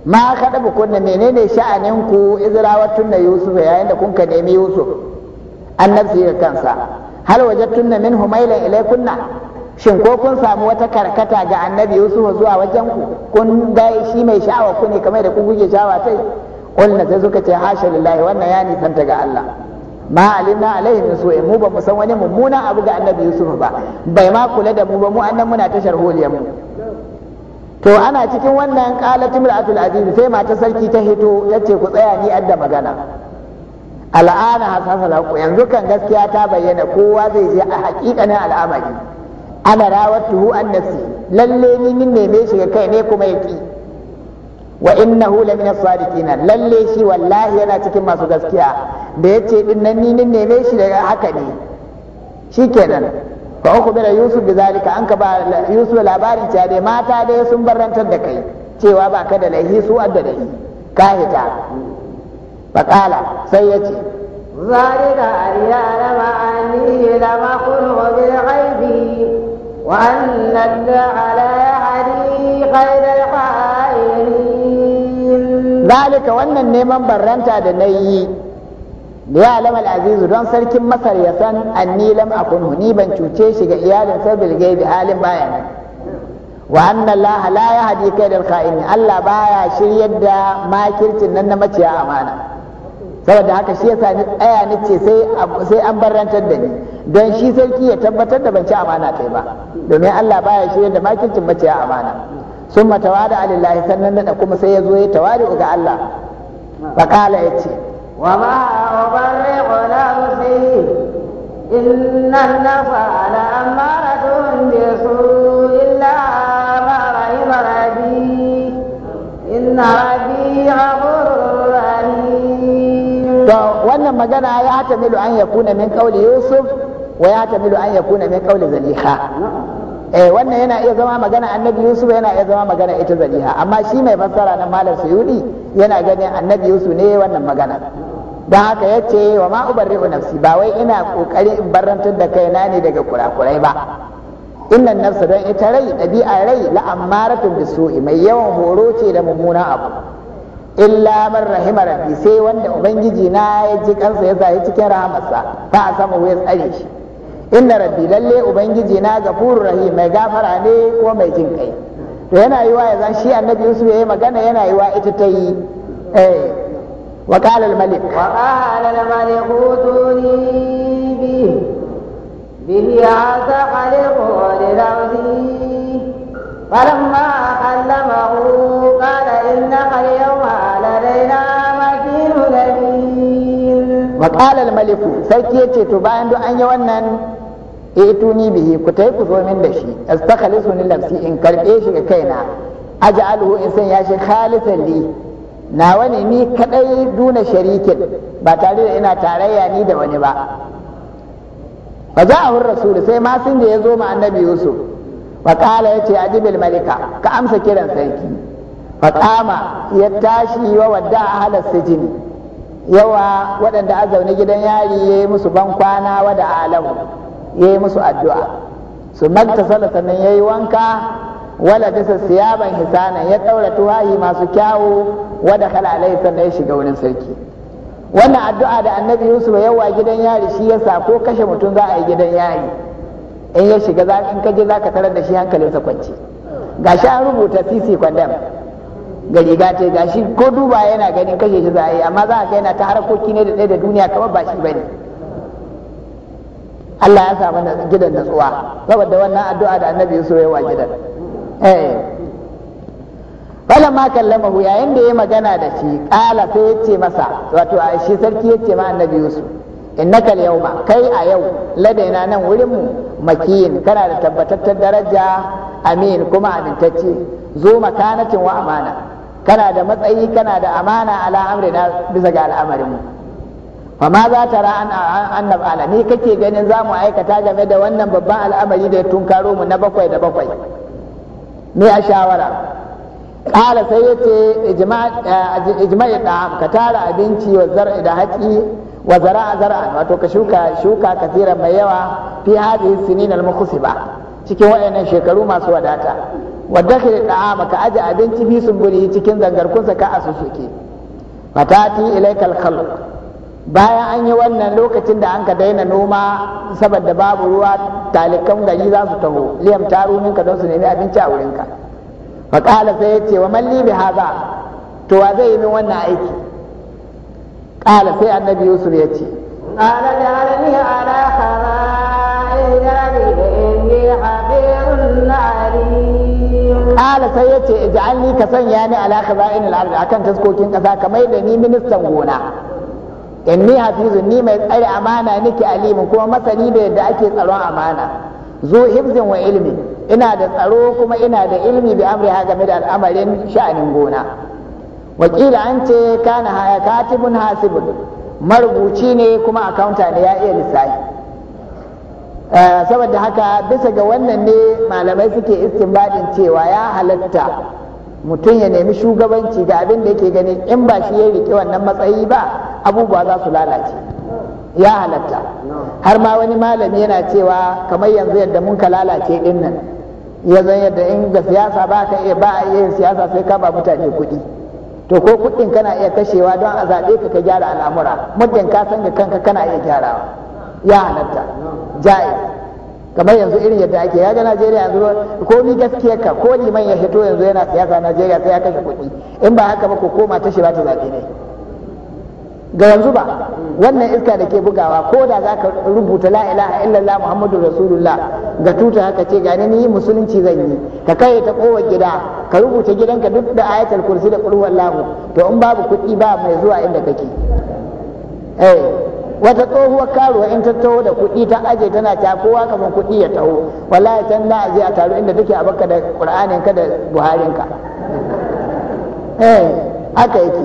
ma ka ɗaba ne menene sha'aninku izrawatun na yusuf yayin da kunka nemi yusuf annabsi ga kansa hal wajattunna min humailan kunna shin ko kun samu wata karkata ga annabi yusuf zuwa wajen ku kun da shi mai sha'awa ku ne kamar da ku guje sha'awa sai kulna sai suka ce hasha lillahi wannan ya tanta ga Allah ma alimna alaihi min su'i mu ba mu san wani mummuna abu ga annabi yusuf ba bai ma kula da mu ba mu annan muna ta sharholiyar mu to ana cikin wannan qalat imra'atul aziz sai mata sarki ta hito yace ku tsaya ni adda magana al'ana hasasa yanzu kan gaskiya ta bayyana kowa zai je a hakikanin al'amari ana hu an nafsi lalle ni min neme shi ga kai ne kuma yaki wa innahu la min as-sadiqin lalle shi wallahi yana cikin masu gaskiya da yace din nan ni min neme shi daga haka ne shikenan fa ukhbira yusuf bizalika an ka ba yusuf labarin cewa dai mata dai sun barantar da kai cewa ba ka da laihi su adda da ka hita faqala sai yace zalika ariya lama anni lama kullu bi وأن wannan neman barranta القائلين ذلك وأن النيمان برنتا دنيي ya alama azizu don sarkin masar ya san anni lam akun ni ban cuce shi ga iyalin sa bil gaibi halin baya nan wa anna allaha la da kaidal allah baya shiryar da makircin nan na maciya amana saboda haka shi yasa ni tsaya ni ce sai sai an barrantar da ni dan shi sarki ya tabbatar da ban ci amana kai ba domin Allah baya shi da makincin mace ya amana sun matawada alillahi sannan da kuma sai ya zo ya tawari ga Allah fa kala yace wa ma ubarriqu nafsi inna nafa ala amaratun illa ma rabbi inna rabbi ghafurur to wannan magana ya milu an ya kuna min kauli yusuf wa ya milu an ya kuna min kauli zaliha eh wannan yana iya zama magana annabi yusuf yana iya zama magana ita zaliha amma shi mai fassara na malam sayudi yana ganin annabi yusuf ne wannan magana Da haka ya ce wa ma ubarri'u nafsi ba wai ina kokari in barantar da kaina ne daga kurakurai ba innan nafsa don ita rai dabi'a rai la'ammaratun bisu'i mai yawan horo ce da mummunan abu illa man rahima rabbi sai wanda ubangiji na ya ji kansa ya zai cikin rahamarsa a sama ya tsare shi inna rabbi lalle ubangiji na gafuru rahim mai gafara ne ko mai jin kai to yana yiwa ya shi annabi Yusuf yayi magana yana yiwa ita ta yi eh wa qala al malik wa qala al malik utuni bi bihi ataqaliqu li rawdi falamma allamahu qala faƙalar maliku sarki ya ce to bayan duk an yi wannan etuni eh bihi ku ta ku zo min da shi astakhalisu ni nafsi in karɓe shi ga kaina aj'aluhu in san ya shi khalisan li nawa ne ni kadai duna sharikin ba tare da ina tarayya ni da wani ba fa za'ahu rasul sai ma ya da yazo ma annabi yusuf wa qala yace ajibil malika ka amsa kiran sarki fa ya tashi wa wadda ahla sijini yawa waɗanda a zaune gidan yari ya yi musu ban kwana wada alamu ya yi musu addu'a su magta sannan ya yi wanka wala bisa siyaban hisana ya ɗaura tuwahi masu kyawu wada kala alai sannan ya shiga wurin sarki wannan addu'a da annabi yusuf yawa gidan yari shi ya sa ko kashe mutum za a yi gidan yari in ya shiga in kaje za ka tarar da shi hankalinsa kwanci gashi an rubuta sisi kwandam ga riga ta gashi ko duba yana ganin kashe shi za a yi amma za a ga yana ta harkoki ne da ɗaya da duniya kamar ba shi bane Allah ya samu gidan natsuwa saboda wannan addu'a da annabi ya soyewa gidan eh bala ma hu yayin da ya magana da shi kala sai ya masa wato a shi sarki ya ce ma annabi Yusuf innaka al-yawma kai a yau ladaina nan wurin mu makiyin kana da tabbatattar daraja amin kuma amintacce zo makanatin wa amana kana da matsayi kana da amana ala na bisa ga al'amarinmu fa ma za ta ra'an ala ni kake ganin za mu aikata game da wannan babban al'amari da ya tunkaro mu na bakwai da bakwai me a shawara ƙala sai yace ijma ɗa'am eh, ka tara abinci wa zar'i da haƙi wa zara'a zaraa wato ka shuka shuka mai yawa fi hadhihi sinin al-mukhsiba cikin waɗannan shekaru masu wadata wadda ka da'ama ka aje abinci fi sumburi cikin zangarkunsa ka asusuke fatati ilaikal khalq bayan an yi wannan lokacin da an ka daina noma saboda babu ruwa talikan gari za su taho liyam taru don su nemi abinci a wurinka fa qala sai yace wa man bi haza to wa zai yi min wannan aiki qala sai annabi yusuf yace qala ja'alni ala rabbi inni habirun alim ƙala sai ya ce ij'alni ka sanya ni ala khaza'in al-ard akan taskokin kasa kamar da ni ministan gona inni Hafizu, ni mai tsare amana nake alimin kuma masani da yadda ake tsaron amana Zo hibzin wa ilmi ina da tsaro kuma ina da ilmi bi amri ha game da al'amarin sha'anin gona wakila an ce kana katibun hasibun marubuci ne kuma akaunta ne ya iya lissafi Eh, saboda haka bisa ga wannan ne malamai suke istinbadin cewa ya halatta mutum ya nemi shugabanci ga abin da yake ganin in ba shi ya riƙe wannan matsayi ba abubuwa za su lalace ya halatta har ma wani malami yana cewa kamar yanzu yadda mun ka lalace din nan ya zan yadda in ga siyasa ba ka iya ba a iya siyasa sai ka ba mutane kuɗi to ko kuɗin kana iya kashewa don a zaɓe ka ka gyara al'amura muddin ka san ga kanka kana iya gyarawa ya halatta jaiz kamar yanzu irin yadda ake ya ga Najeriya yanzu ko ni gaskiya ka ko ni man ya fito yanzu yana siyasa Najeriya sai ya kashe kuɗi in ba haka ba ko koma ta ba ta zaɓe ne ga yanzu ba wannan iska da ke bugawa ko da za ka rubuta la ilaha illallah muhammadu rasulullah ga tuta haka ce gani ni musulunci zan yi ka kai ta kowa gida ka rubuta gidanka duk da ayatul kursi da qul to in babu kuɗi ba mai zuwa inda kake eh wata tsohuwar karuwa in ta taho da kuɗi ta aje tana ta kamar kuɗi ya taho wallahi can na aje a taro inda take a baka da qur'anin ka da buharin ka eh haka yake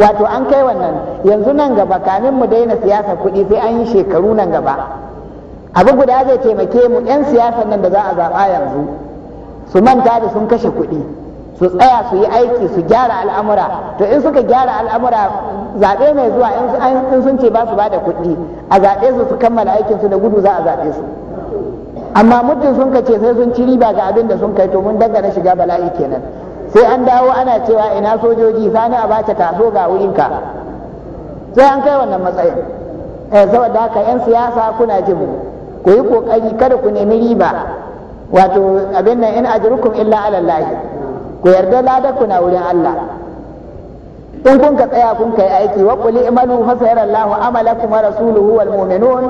wato an kai wannan yanzu nan gaba kamin mu daina siyasa kuɗi sai an yi shekaru nan gaba abu guda zai taimake mu 'yan siyasar nan da za a zaɓa yanzu su manta da sun kashe kuɗi su tsaya su yi aiki su gyara al'amura to in suka gyara al'amura zaɓe mai zuwa in sun ce ba su ba da kuɗi a zaɓe su su kammala aikin su da gudu za a zaɓe su amma muddin sun ce sai sun ci riba ga abin da sun kai to mun dangana shiga bala'i kenan sai an dawo ana cewa ina sojoji sani a bace taso ga wurinka sai an kai wannan matsayin eh saboda haka yan siyasa kuna jin ku yi kokari kada ku nemi riba wato abin nan in ajrukum illa ala ku yarda ladar ku na wurin Allah in kun ka tsaya kun kai aiki wa qul imanu fa sayara Allahu amalakum wa rasuluhu wal mu'minun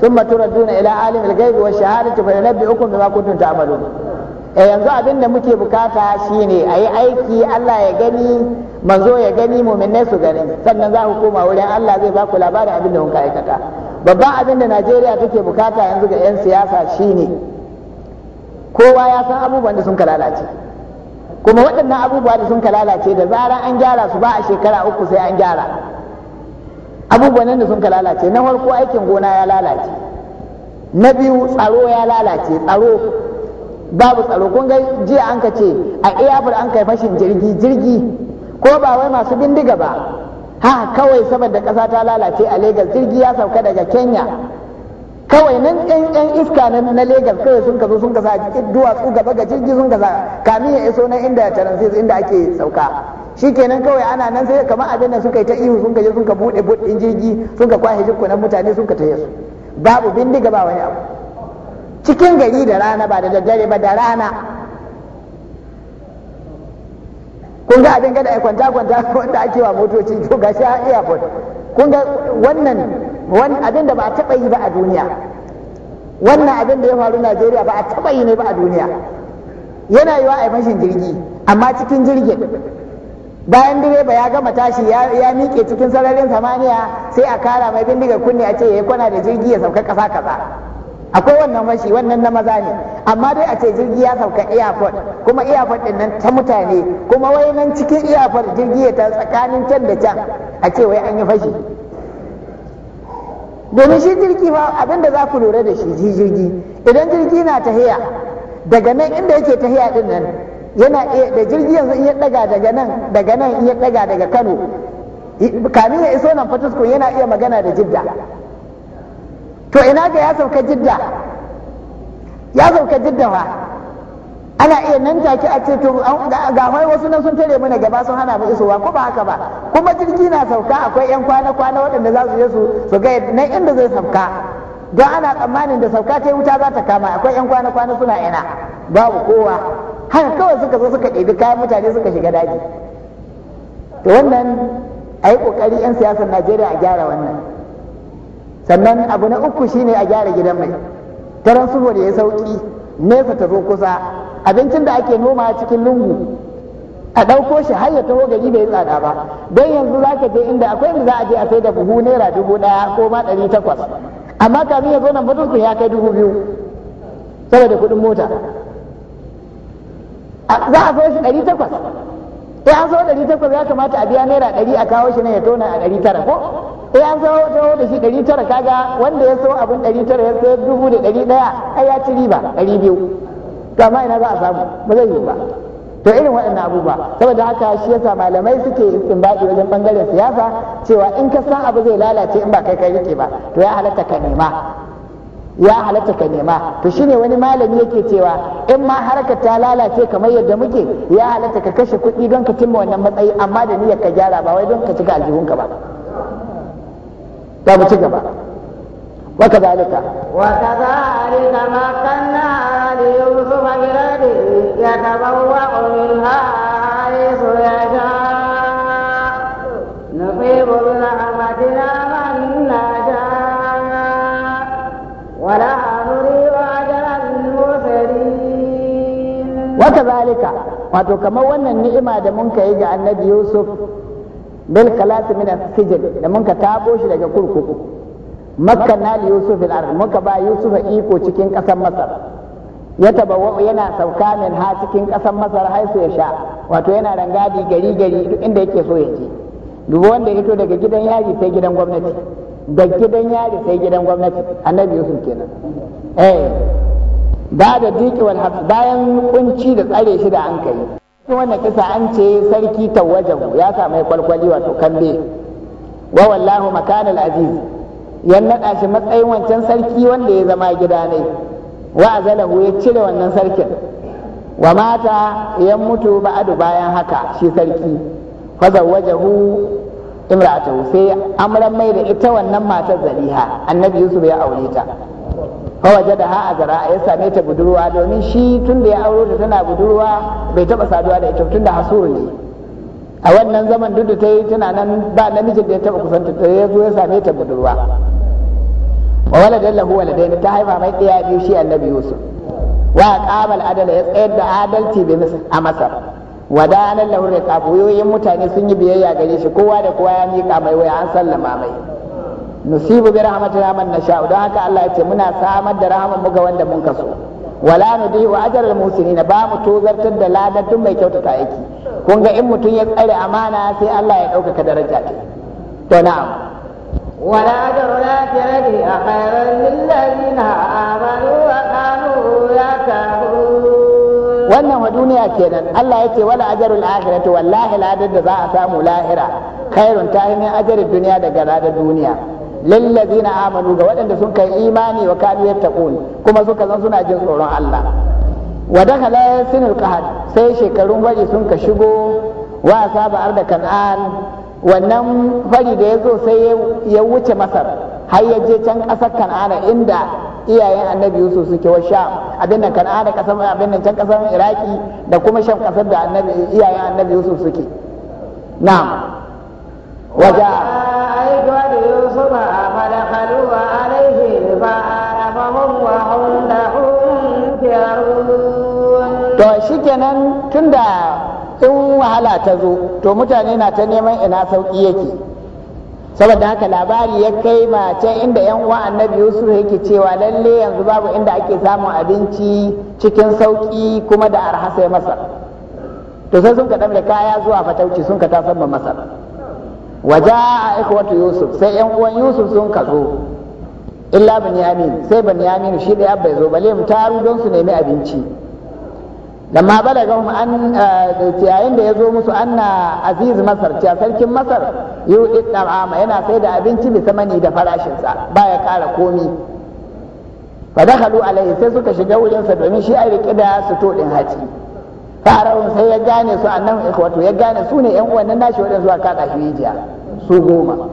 thumma turaduna ila alimil ghaibi wash shahadati fa yunabbi'ukum bima kuntum ta'malun eh yanzu abin da muke bukata shine ayi aiki Allah ya gani manzo ya gani mu'minai su gani sannan za ku koma wurin Allah zai ba ku labarin abin da kun aikata babban abin da Najeriya take bukata yanzu ga 'yan siyasa shine kowa ya san abubuwan da sun lalace kuma waɗannan abubuwa da sun ka lalace da zarar an gyara su ba a shekara uku sai an gyara abubuwan nan da sun ka lalace na farko aikin gona ya lalace na biyu tsaro ya lalace tsaro babu tsaro kun ga jiya an ka ce a iyafur an kai fashin jirgi jirgi ko ba wai masu bindiga ba ha kawai saboda ƙasa ta lalace a Legas jirgi ya sauka daga Kenya kawai nan yan yan iska na Legas kawai sun ka zo sun ka sa duwatsu gaba ga jirgi sun ka sa kamin ya iso na inda taransis inda ake sauka shikenan kawai ana nan sai kamar abin da suka yi ta ihu sun ka je sun ka bude budin jirgi sun ka kwashe na mutane sun ka taye su babu bindiga ba wani abu cikin gari da rana ba da daddare ba da rana kun ga abin gada ai kwanta kwanta wanda ake wa motoci to gashi a airport kun ga wannan wani abin da ba a taɓa yi ba a duniya wannan abin da ya faru najeriya ba a taɓa yi ne ba a duniya yana yiwa a mashin jirgi amma cikin jirgin bayan direba ya gama tashi ya miƙe cikin sararin samaniya sai a kara mai bindigar kunne a ce ya kwana da jirgi ya sauka ƙasa ƙasa akwai wannan fashi wannan na maza ne amma dai a ce jirgi ya sauka airport kuma airport din nan ta mutane kuma wai nan cikin airport jirgi ya ta tsakanin can da can a ce wai an yi fashi domin shi jirgi fa abin da za ku lura da shi ji jirgi idan jirgi na tahiya daga nan inda yake tahiya din nan yana da jirgi yanzu iya daga daga nan daga nan iya daga daga Kano kamin ya iso nan fatisko yana iya magana da Jidda to ina ga ya sauka Jidda ya sauka Jidda fa ana iya nan take a ce to ga wai wasu nan sun tare mana gaba sun hana mu isowa ko ba haka ba kuma jirgi na sauka akwai yan kwana kwana waɗanda za su je su su ga na inda zai sauka don ana tsammanin da sauka ta wuta za ta kama akwai yan kwana kwana suna ina babu kowa haka kawai suka zo suka ɗebi kayan mutane suka shiga daji to wannan a yi ƙoƙari 'yan siyasar najeriya a gyara wannan sannan abu na uku shine a gyara gidan mai taron sulhu da ya sauki nesa ta zo kusa abincin da ake noma cikin lungu a ɗauko shi har ya taho gari bai tsada ba don yanzu za ka je inda akwai inda za a je a sai da buhu naira dubu ɗaya ko ma ɗari takwas amma kamin ya zo nan batun ya kai dubu biyu saboda kuɗin mota za a so shi ɗari takwas eh an so ɗari takwas ya kamata a biya naira ɗari a kawo shi ne ya tona a ɗari tara ko eh an so taho da shi ɗari tara kaga wanda ya so abin ɗari tara ya sayar dubu da ɗari ɗaya ai ya ci riba ɗari biyu to amma ina za a samu ba zai yi ba to irin waɗannan abubuwa saboda haka shi yasa malamai suke istinbadi wajen bangaren siyasa cewa in ka san abu zai lalace in ba kai kai rike ba to ya halatta ka nema ya halatta ka nema to shine wani malami yake cewa in ma harkar ta lalace kamar yadda muke ya halatta ka kashe kuɗi don ka cimma wannan matsayi amma da niyyar ka gyara ba wai don ka cika aljihunka ba ta mu ci gaba وكذلك ma kana aliyu يتبوأ منها حيث يشاء نصيب برحمتنا من نشاء ولا نريد المرسلين وكذلك wato kamar wannan ni'ima da mun yi ga annabi yusuf bil kalas min sijil da mun ka tabo shi daga kurkuku makkanna li yusuf al muka ba yusuf iko cikin ƙasar masar ya tabawa yana sauka min ha cikin ƙasar masar haisu ya sha wato yana rangadi gari gari duk inda yake so ya je duk wanda ya fito daga gidan yari sai gidan gwamnati da gidan yari sai gidan gwamnati annabi yusuf kenan eh ba da diki wal bayan kunci da tsare shi da an kai wannan kisa an ce sarki tawajjan ya mai kwalkwali wato kambe wa wallahu makanal aziz yan naɗa shi matsayin wancan sarki wanda ya zama gida ne wa ya cire wannan sarkin wa mata ya mutu ba'adu bayan haka shi sarki fa zawwajahu imra'atahu sai amran mai da ita wannan matar zaliha annabi yusuf ya aure ta fa wajadaha azra ya same ta budurwa domin shi tunda ya aure ta tana budurwa bai taba saduwa da ita tunda hasuru ne a wannan zaman duk da ta yi tana nan ba namijin da ya taba kusanta ta ya zo ya same ta budurwa wa waladan lahu waladain ta haifa mai ɗaya biyu shi annabi yusuf wa qabal adala ya tsayar da adalci bi a masar wa danan lahu riqab yoyin mutane sun yi biyayya gare shi kowa da kowa ya miƙa mai waya an sallama mai nusibu bi rahmatina man nasha'u don haka Allah ya ce muna samar da rahman mu ga wanda mun kaso wala nudi wa ajral musinina ba mu tozartar da ladatun mai kyautata aiki kun ga in mutum ya tsare amana sai Allah ya ɗaukaka daraja ta to na'am ولا الآخرة خيرا للذين آمنوا وكانوا يتقون wannan wa duniya kenan Allah yake wala ajarul akhirati wallahi ladar da za a samu lahira khairun ta hanyar ajarin duniya daga ladar duniya na amanu ga waɗanda sun kai imani wa kanu yattaqun kuma suka zan suna jin tsoron Allah wa dakala sinul qahad sai shekarun wari sun ka shigo wa asaba arda kan'an wannan fari da ya zo sai ya wuce masar har ya je can ƙasar kan'ana inda iyayen annabi yusuf suke wa sham abin nan kan'ana ƙasar abin nan can ƙasar iraki da kuma shan ƙasar da annabi iyayen annabi yusuf suke Na waja da yusuf fa dakhalu alayhi fa arafahum wa hum lahum to shikenan tunda in wahala ta zo to mutane na ta neman ina sauki yake saboda haka labari ya kai ma inda yan uwa annabi yusuf yake cewa lalle yanzu babu inda ake samun abinci cikin sauki kuma da arha sai masar to sai sun ka da kaya zuwa fatauci sun ka tasar ma masar waje a ikwatu yusuf sai yan uwan yusuf sun ka zo illa bin yamin sai bin yamin shi da bai zo bale mu taru don su nemi abinci lamma balagahum an eh, yayin da ya zo musu anna aziz masar cewa sarkin masar yudi ama yana sai da abinci bisa mani da farashinsa baya kara komi fa a alaihi sai suka shiga wurinsa domin shi ai riƙe da suto ɗin din haci farawun sai ya gane su annan ikhwatu ya gane su ne yan uwan nashi wadan zuwa ka kashi su goma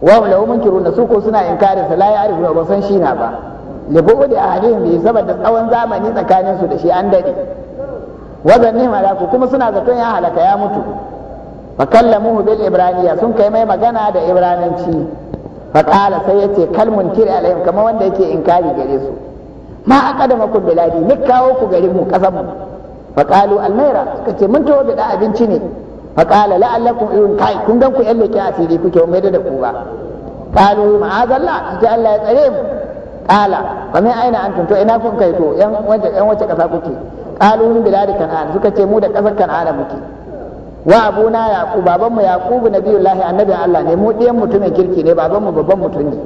wa lahum munkiruna su ko suna inkarin sa la ya'rifuna ba san shi na ba libu da ahadin bi da tsawon zamani tsakanin su da shi an dade wazan ne ku kuma suna zaton ya halaka ya mutu fa kallamuhu bil ibraniya sun kai mai magana da ibrananci fa qala sai yace kalmun tiri alaihim kamar wanda yake inkari gare su ma aqadamakum biladi ni kawo ku garinmu mu kasan mu fa qalu almaira suka ce mun tawo da abinci ne fa qala la'allakum irin kai kun ganku ku yan asiri kuke mai da ku ba qalu ma'azallah ta Allah ya tsare mu kala fa min aina antum to ina kun kai to yan wace yan wace kasa kuke qalu min bilad kan'an suka ce mu da kasar kan'ana muke wa abuna yaqub baban mu yaqub nabiyullahi annabi Allah ne mu diyan mutumin kirki ne baban mu babban mutum ne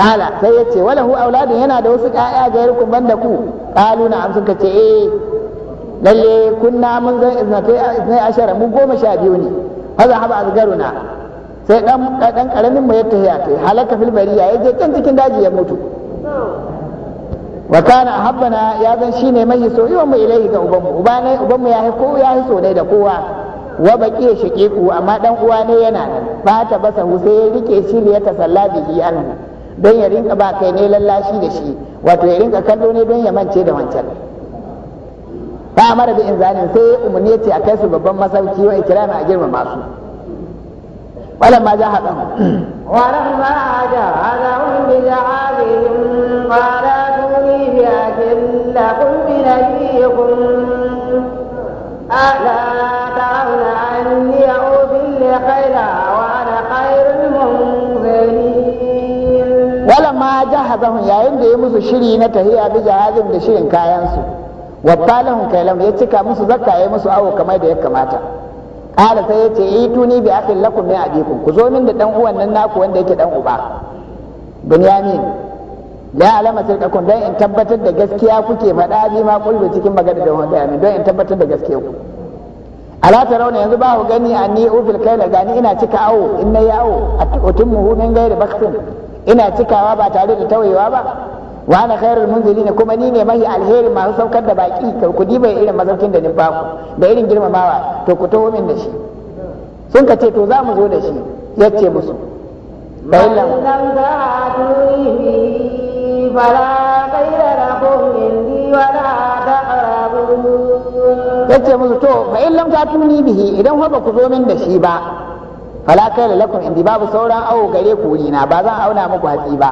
kala sai yace walahu auladun yana da wasu ƴaƴa ga yarkun banda ku qalu na am suka ce eh lalle kunna mun zan izna ashirin mu goma sha biyu ne fa zahaba azgaruna sai dan dan karamin mai tahi ya kai halaka fil ya je can cikin daji ya mutu wa kana habbana ya zan shine mai so yawan mu ilahi ga uban mu ubanmu uban mu ya hi ko ya hi so ne da kowa wa baki ya shike ku amma dan uwa ne yana nan ba ta basa hu sai ya rike shi ne ya tasalla bihi an don ya rinka ba kai ne lallashi da shi wato ya rinka kallo ne dan ya mance da wancan ba mara bi inzanin sai umarni ya ce a kai su babban masauki wa ikrama a girmama su ولما جاهدهم ولما جاهدهم بزعامهم قال اتوني بأكل لكم بنبيكم ألا ترون أني أوفي الخيل وأنا خير المنزلين ولما جهزهم يا إن يمس شرين تهيا بجهازهم لشرين كاينسو وابطالهم كيلم يتكا مسو زكا يمسو أو كما يدي كماتا qala sai yace tuni bi akhi lakum min abikum ku zo min da dan uwan nan naku wanda yake dan uba bunyamin la alama kun dan in tabbatar da gaskiya kuke faɗa bi ma kullu cikin magana da wanda amin dan in tabbatar da gaskiya ku ala tarawna yanzu ba ku gani anni ufil kaila gani ina cika awo in na awo utimmuhu min ghairi baktin ina cikawa ba tare da tawayewa ba wa na khairul munzilin kuma ni ne mai alherin masu saukar da baki ku diba irin mazaukin da ni ba ku da irin girmamawa to ku taho min da shi sun ka ce to za mu zo da shi yace musu bayan Ya yace musu to fa in lam tuni bihi idan ba ku zo min da shi ba fala kai lakum indi babu sauran awo gare ku na ba zan auna muku hatsi ba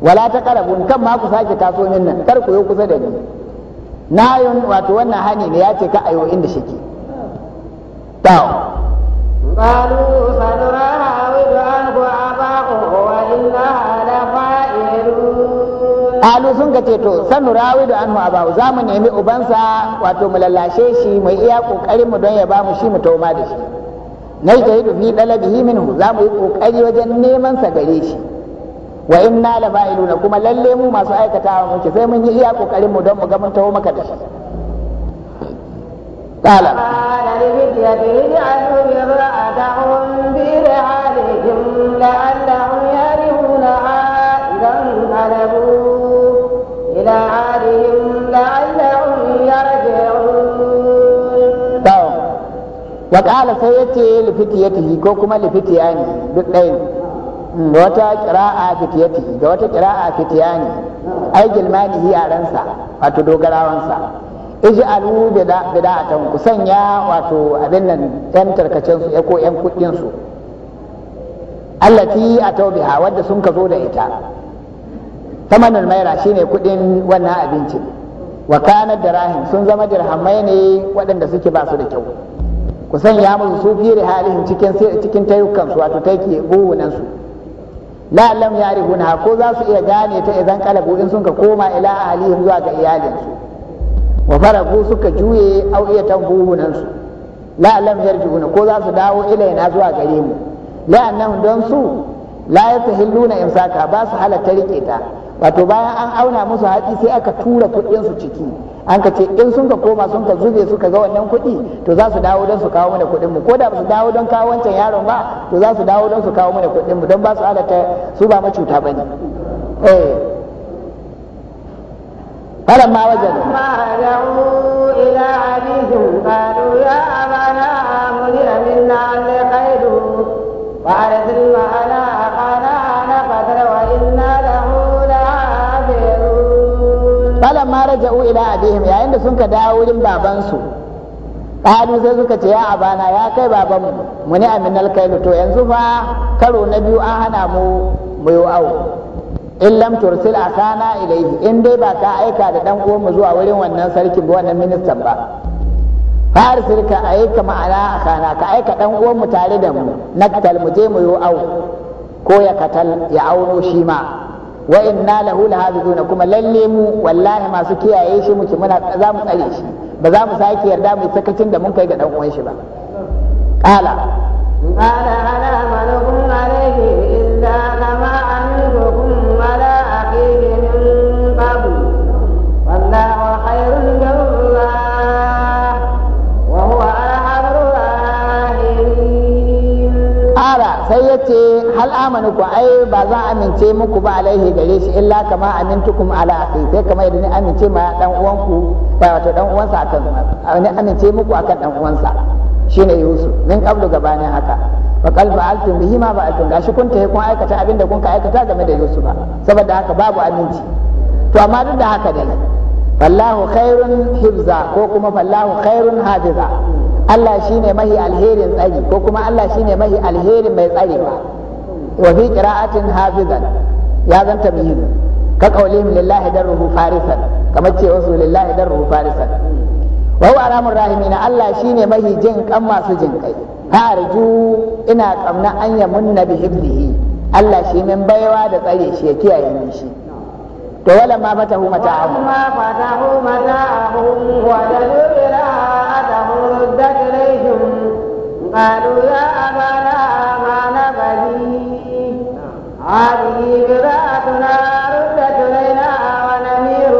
wala ta karabu kan ma ku sake taso min nan kar ku yi kusa da ni na wato wannan hani ne ya ce ka ayo inda shike ta qalu sadra hawidu an ku abaqu wa inna la fa'irun qalu sun ka ce to sanu rawidu an mu abaqu za mu nemi ubansa wato mu lallashe shi mai iya kokarin mu don ya ba mu shi mu tauma da shi nai da yi dubi dalabihi minhu za mu yi kokari wajen neman sa gare shi wa inna la fa'iluna kuma lalle mu masu aikatawa muke sai mun yi iya kokarin mu don mu ga mun taho maka da shi qala la rabbi ya bihi ayyuhum ya bi ko kuma yarihuna idan alabu ko duk ɗaya. wata qira'a fitiyati da wata kira'a fitiyani ai gilmanihi yaransa wato dogarawansa bid'a bida'atan ku sanya wato abin nan yan tarkacen su ko yan kudin su allati atau ha, wadda sun ka zo da ita tamanul maira shine kuɗin wannan abincin wa kana dirahim sun zama dirhamai ne waɗanda suke ba su da kyau ku sanya musu su fi halin cikin cikin tayukan su wato take buwunan su la lam yarihuna ko za su iya gane ta idan kalabu in sun ka koma ila ahlihim zuwa ga iyalinsu wa faragu suka juye au iya tambuhunan su la lam ko za su dawo ilaina zuwa gare mu la'annahum don su la yatahilluna imsaka ba su halatta rike ta wato bayan an auna musu haƙi sai aka tura kuɗinsu ciki an ka ce in sun ka koma sun ka zube su ka ga wannan kuɗi to za su dawo don su kawo mana kuɗin mu ko da ba su dawo don kawo wancan yaron ba to za su dawo don su kawo mana kuɗin mu don ba su halatta su ba macuta bane eh falan ma wajen ila abihim qalu ya abana amri minna al-qaidu wa arsilna ala ma raja'u ila abihim yayin da sun ka dawo wurin babansu qalu sai suka ce ya abana ya kai baban mu mu ne aminal kailu to yanzu fa karo na biyu an hana mu mu yi awo in lam tursil asana ilayhi in dai ba ka aika da dan uwan mu zuwa wurin wannan sarki ba wannan ministan ba sai ka aika ma'ana asana ka aika dan uwan mu tare da mu naktal mu je mu yi awo ko ya katal ya auno shi ma wa inna lahu lahafizuna kuma lalle mu wallahi masu kiyaye shi muke muna za mu tsare shi ba za mu sake yarda mu sakacin da mun kai ga dan uwan shi ba qala qala ala alayhi illa ce hal amanu ku ai ba a amince muku ba alaihi gare shi illa kama amintukum ala akhi sai kama idan ni amince ma dan uwanku ba wato dan uwansa akan ni amince muku akan dan uwansa shine yusuf min qablu gabanin haka wa qad fa'altum bihi ma fa'altum gashi kun ta kun aikata abinda kun ka aikata game da yusuf ba saboda haka babu aminci to amma duk da haka dai fallahu khairun hibza ko kuma fallahu khairun hafiza Allah ne mahi alherin tsari ko kuma Allah shine mahi alherin mai tsarewa wa fi qira'atin hafizan ya zan tabyin ka qaulihim lillahi darruhu farisan kamar ce wasu lillahi darruhu farisan wa huwa arhamur rahimin Allah shine mahi jin kan masu jin kai ha arju ina kamna an yamunna bi hibdihi Allah shi min baiwa da tsare shi ya kiyaye shi to wala ma fata hu mata ahu ma fata hu mata ahu wa tadu ila atahu ruddat ilayhim qalu ya abana ma nabadi هذه بضاعتنا na إلينا ونمير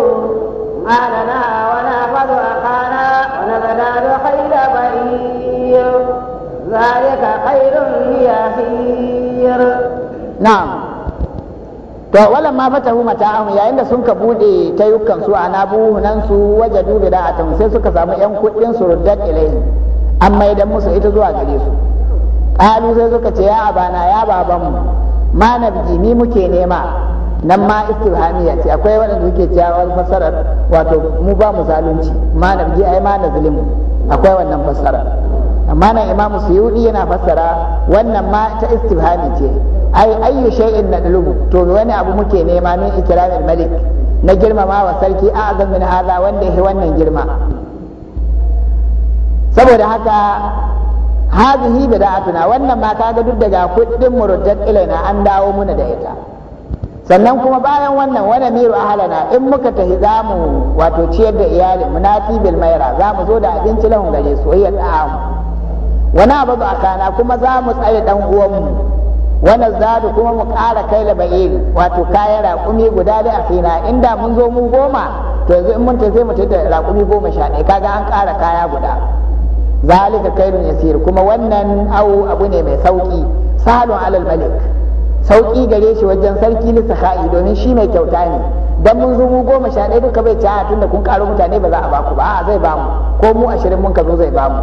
أهلنا ونحفظ أخانا ونزداد خير بئير ذلك خير يسير نعم to walan ma fatahu mata'ahum yayin da sun ka bude tayukan su ana nan su waje da bida'atan sai suka samu yan kudin su ruddat ilayhi amma idan musu ita zuwa gare su qalu sai suka ce ya abana ya baban mu ma nabi mi muke nema nan ma ya ce akwai wanda suke cewa fasarar wato mu ba mu zalunci ma nabi ai ma na akwai wannan fasarar amma nan imam suyudi yana fassara wannan ma ta istifhami ce ai ayyu shay'in nadlubu to wani abu muke nema min ikramil malik na girmama wa sarki azam min hada wanda yake wannan girma saboda haka hadhihi bida'atuna wannan ma kaga duk daga kuɗin murujjat ilaina an dawo muna da ita sannan kuma bayan wannan wani miru ahalana in muka tafi za mu wato ciyar da iyali munafi bil maira za mu zo da abinci lahun gare soyayya wani abu ba kana kuma za mu tsare dan uwanmu wannan zadu kuma mu ƙara kai laba'il wato kayan raƙumi guda da akina inda mun zo mu goma to yanzu in mun ta zai mu da raƙumi goma sha ɗaya kaga an ƙara kaya guda zalika kairun yasir kuma wannan au abu ne mai sauki salon alal malik sauki gare shi wajen sarki sahai domin shi mai kyauta ne dan mun zo mu goma sha ɗaya duka bai caya tunda kun ƙaro mutane ba za a baku ba a zai bamu ko mu ashirin mun ka zo zai bamu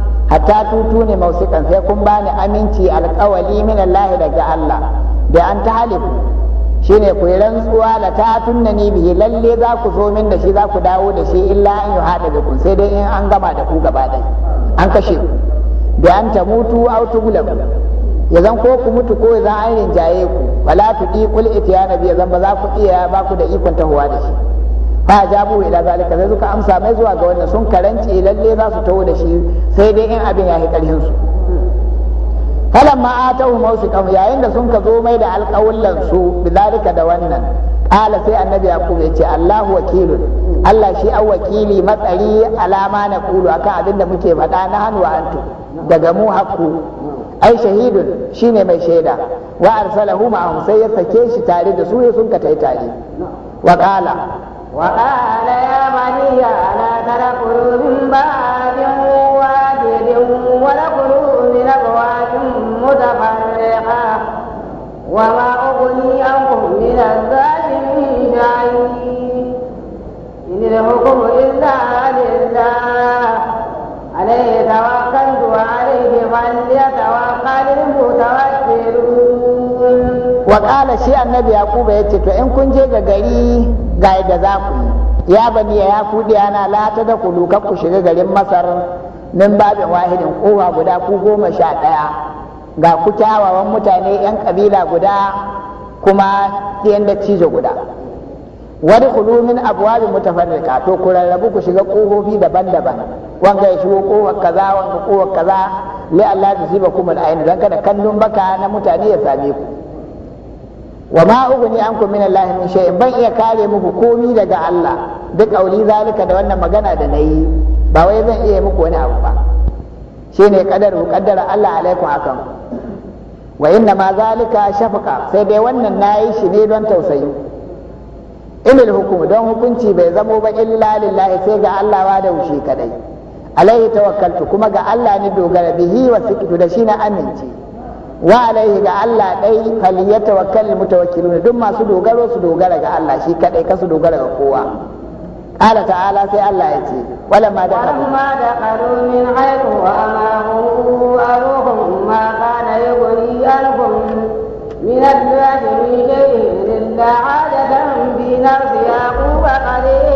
hatta tutu ne mausikan sai kun bani aminci alkawali min Allah daga Allah da an ta halifu shine ku yi rantsuwa la ta tunna ni bihi lalle za ku zo min da shi za ku dawo da shi illa an hada bikum sai dai in an gama da ku gaba ɗaya an kashe ku da an ta mutu gula ku ya zan ko ku mutu ko ya an rinjaye ku wala tudi kul itiyana bi ya zan ba za ku iya ba ku da ikon tahuwa da shi fa jabu ila zalika sai suka amsa mai zuwa ga wannan sun karanci lalle za su taho da shi sai dai in abin ya yi karhin su falan ma atahu mawsiqam yayin da sun ka zo mai da alƙawullan su bizalika da wannan Ƙala sai annabi ya ya ce allahu wakilu" allah shi an wakili matsari alama na kulu akan abin da muke faɗa na hannu antu daga mu hakku ai shahidun shine mai shaida wa arsalahu ma'ahum sai ya sake shi tare da su ya sun ka tare wa qala وقال يا بني لا تدخلوا من باب واجد ودخلوا من أبواب متفرقة وما أغني عنكم من الظالمين شيء إن الحكم إلا لله wa shi annabi yaquba ya ce to in kun je ga gari ga yadda za ku yi ya bani ya ku diyana la ta da kulu kan ku shiga garin masar min babin wahidin kowa guda ku goma sha ɗaya ga ku kyawawan mutane yan ƙabila guda kuma ɗayan da cizo guda wani kulu min abuwabi mutafarrika to ku rarrabu ku shiga ƙofofi daban-daban wanga ya shigo ƙofar kaza wanga ƙofar kaza li Allah ta ziba kuma al'ayin don kada kallon baka na mutane ya same ku wa ma ughni ankum min Allah min shay'in ban iya kare muku komi daga Allah duk auli zalika da wannan magana da nayi ba wai zan iya muku wani abu ba shine kadar qaddara Allah alaikum akan wa inna ma zalika shafqa sai dai wannan nayi shi ne don tausayi ilil hukumu don hukunci bai zamo ba illa lillahi sai ga Allah wa da wuce kadai alaihi tawakkaltu kuma ga Allah ne dogara bihi wa sikitu da shi na amince wa alaihi ga Allah dai faliyata wa kalli mutawakkiluna duk masu dogaro su dogara ga Allah shi kadai ka su dogara ga kowa Allah ta'ala sai Allah ya ce wala ma da kalu ma da kalu min haythu wa ma hu aruhum ma kana yughni alhum min al-jahili illa 'adadan bi nafsi yaqu wa qalil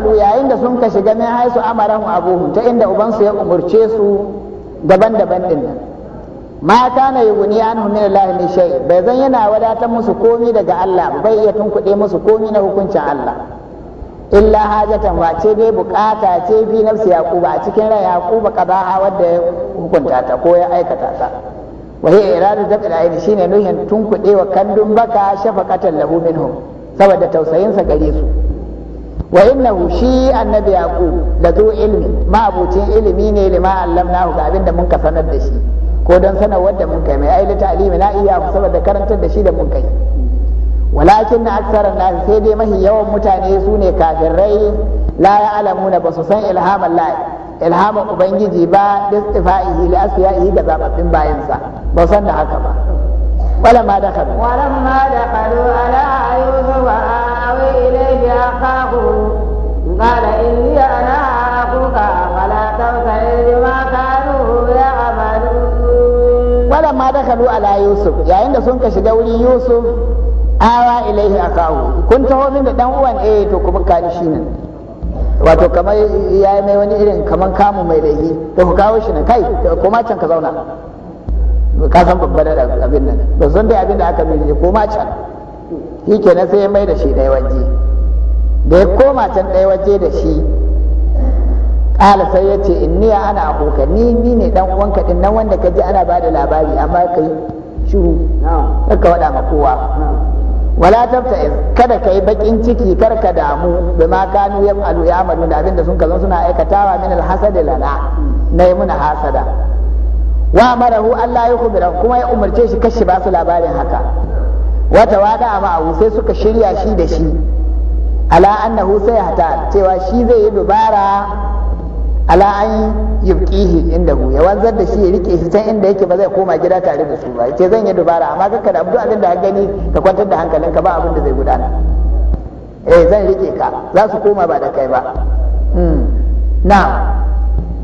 dakhalu yayin da sun ka shiga min haisu amarahu abuhu ta inda ubansu ya umurce su daban-daban din nan ma kana guni an min Allah min shay bai zan yana wadatar musu komi daga Allah bai iya tunkuɗe musu komi na hukuncin Allah illa hajatan wace dai bukata ce bi nafsi yaquba a cikin ran yaquba qadaha wanda ya hukunta ta ko ya aikata ta wa hiya iradu dabil aini shine nuhin tunkuɗe wa kandun baka shafaqatan lahu minhum saboda tausayin sa gare su wa innahu shi annabi yaqub da zu ilmi ma abucin ilimi ne lima allamnahu ga abin da mun ka sanar da shi ko don sanarwar da mun kai mai ai ta'limi na iya saboda karantar da shi da mun kai walakin na aksaran na sai dai mahi yawan mutane su ne kafirai la ya'lamuna ba su san ilhaman la ubangiji ba istifa'ihi li asfiya'ihi da zababbin bayansa ba san da haka ba walamma dakhalu walamma dakhalu ala قال إني أنا أخوك فلا تنفع كانوا يعملون ولما دخلوا على يوسف يا إن سنك شدولي يوسف awa ilaihi أخاه kun taho min da dan uwan eh to kuma kani shi nan wato kamar ya yi mai wani irin kamar kamu mai laifi to ku kawo shi nan kai koma can ka zauna ka san babban da abin nan ba san abin da aka mai ko ma can shi sai ya mai da shi ɗaya waje da ya koma can ɗaya waje da shi ƙala sai ya ce in niya ana abokan ni ni ne dan uwanka din nan wanda ka ji ana ba da labari amma ka yi shiru ka waɗa ma kowa wala tabta kada ka yi bakin ciki kar ka damu bi ma kanu ya alu ya amalu da abinda sun kazan suna aikatawa min alhasad lana na yi muna hasada wa marahu Allah ya kubira kuma ya umarce shi kashi ba su labarin haka wata wada ma sai suka shirya shi da shi ala annahu sai hata cewa shi zai yi dubara ala an yubqihi indahu ya wanzar da shi ya rike shi can inda yake ba zai koma gida tare da su ba yace zan yi dubara amma kakka da abdu abin da ka gani ka kwantar da hankalinka ba abin da zai gudana eh zan rike ka za su koma ba da kai ba hmm. na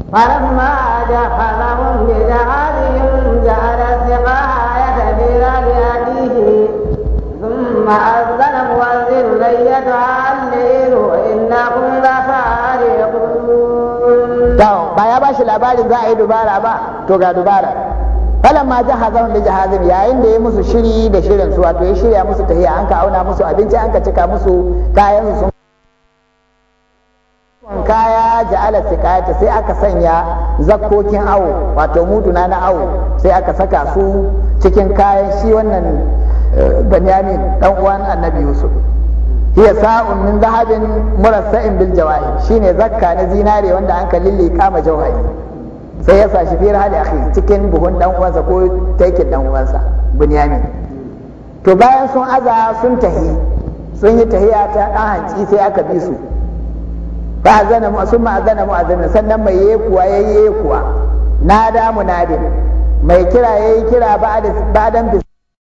فلما دخلهم بجعلهم جعل سقاية بلاد ثم أذن والذرية عن ليلو ba ya bashi labarin za a yi dubara ba to ga dubara falan ma jahazahum bi jahazim yayin da ya musu shiri da shirin su wato ya shirya musu tahiya an ka auna musu abinci an ka cika musu kayan su sun kaya ja'ala sikayata sai aka sanya zakkokin awo wato muduna na awo sai aka saka su cikin kayan shi wannan banyamin dan uwan annabi yusuf hiya sa'un min zahabin murassa'in bil jawahir shine zakka na zinare wanda an kalli kama jawhari sai ya sashi fi rahali akhi cikin buhun dan uwansa ko taikin dan uwansa to bayan sun aza sun tahi sun yi tahiya ta dan hanci sai aka bi su fa azana mu sun ma'azana mu azana sannan mai kuwa, yayi yekuwa nada munadin mai kira yayi kira ba'dan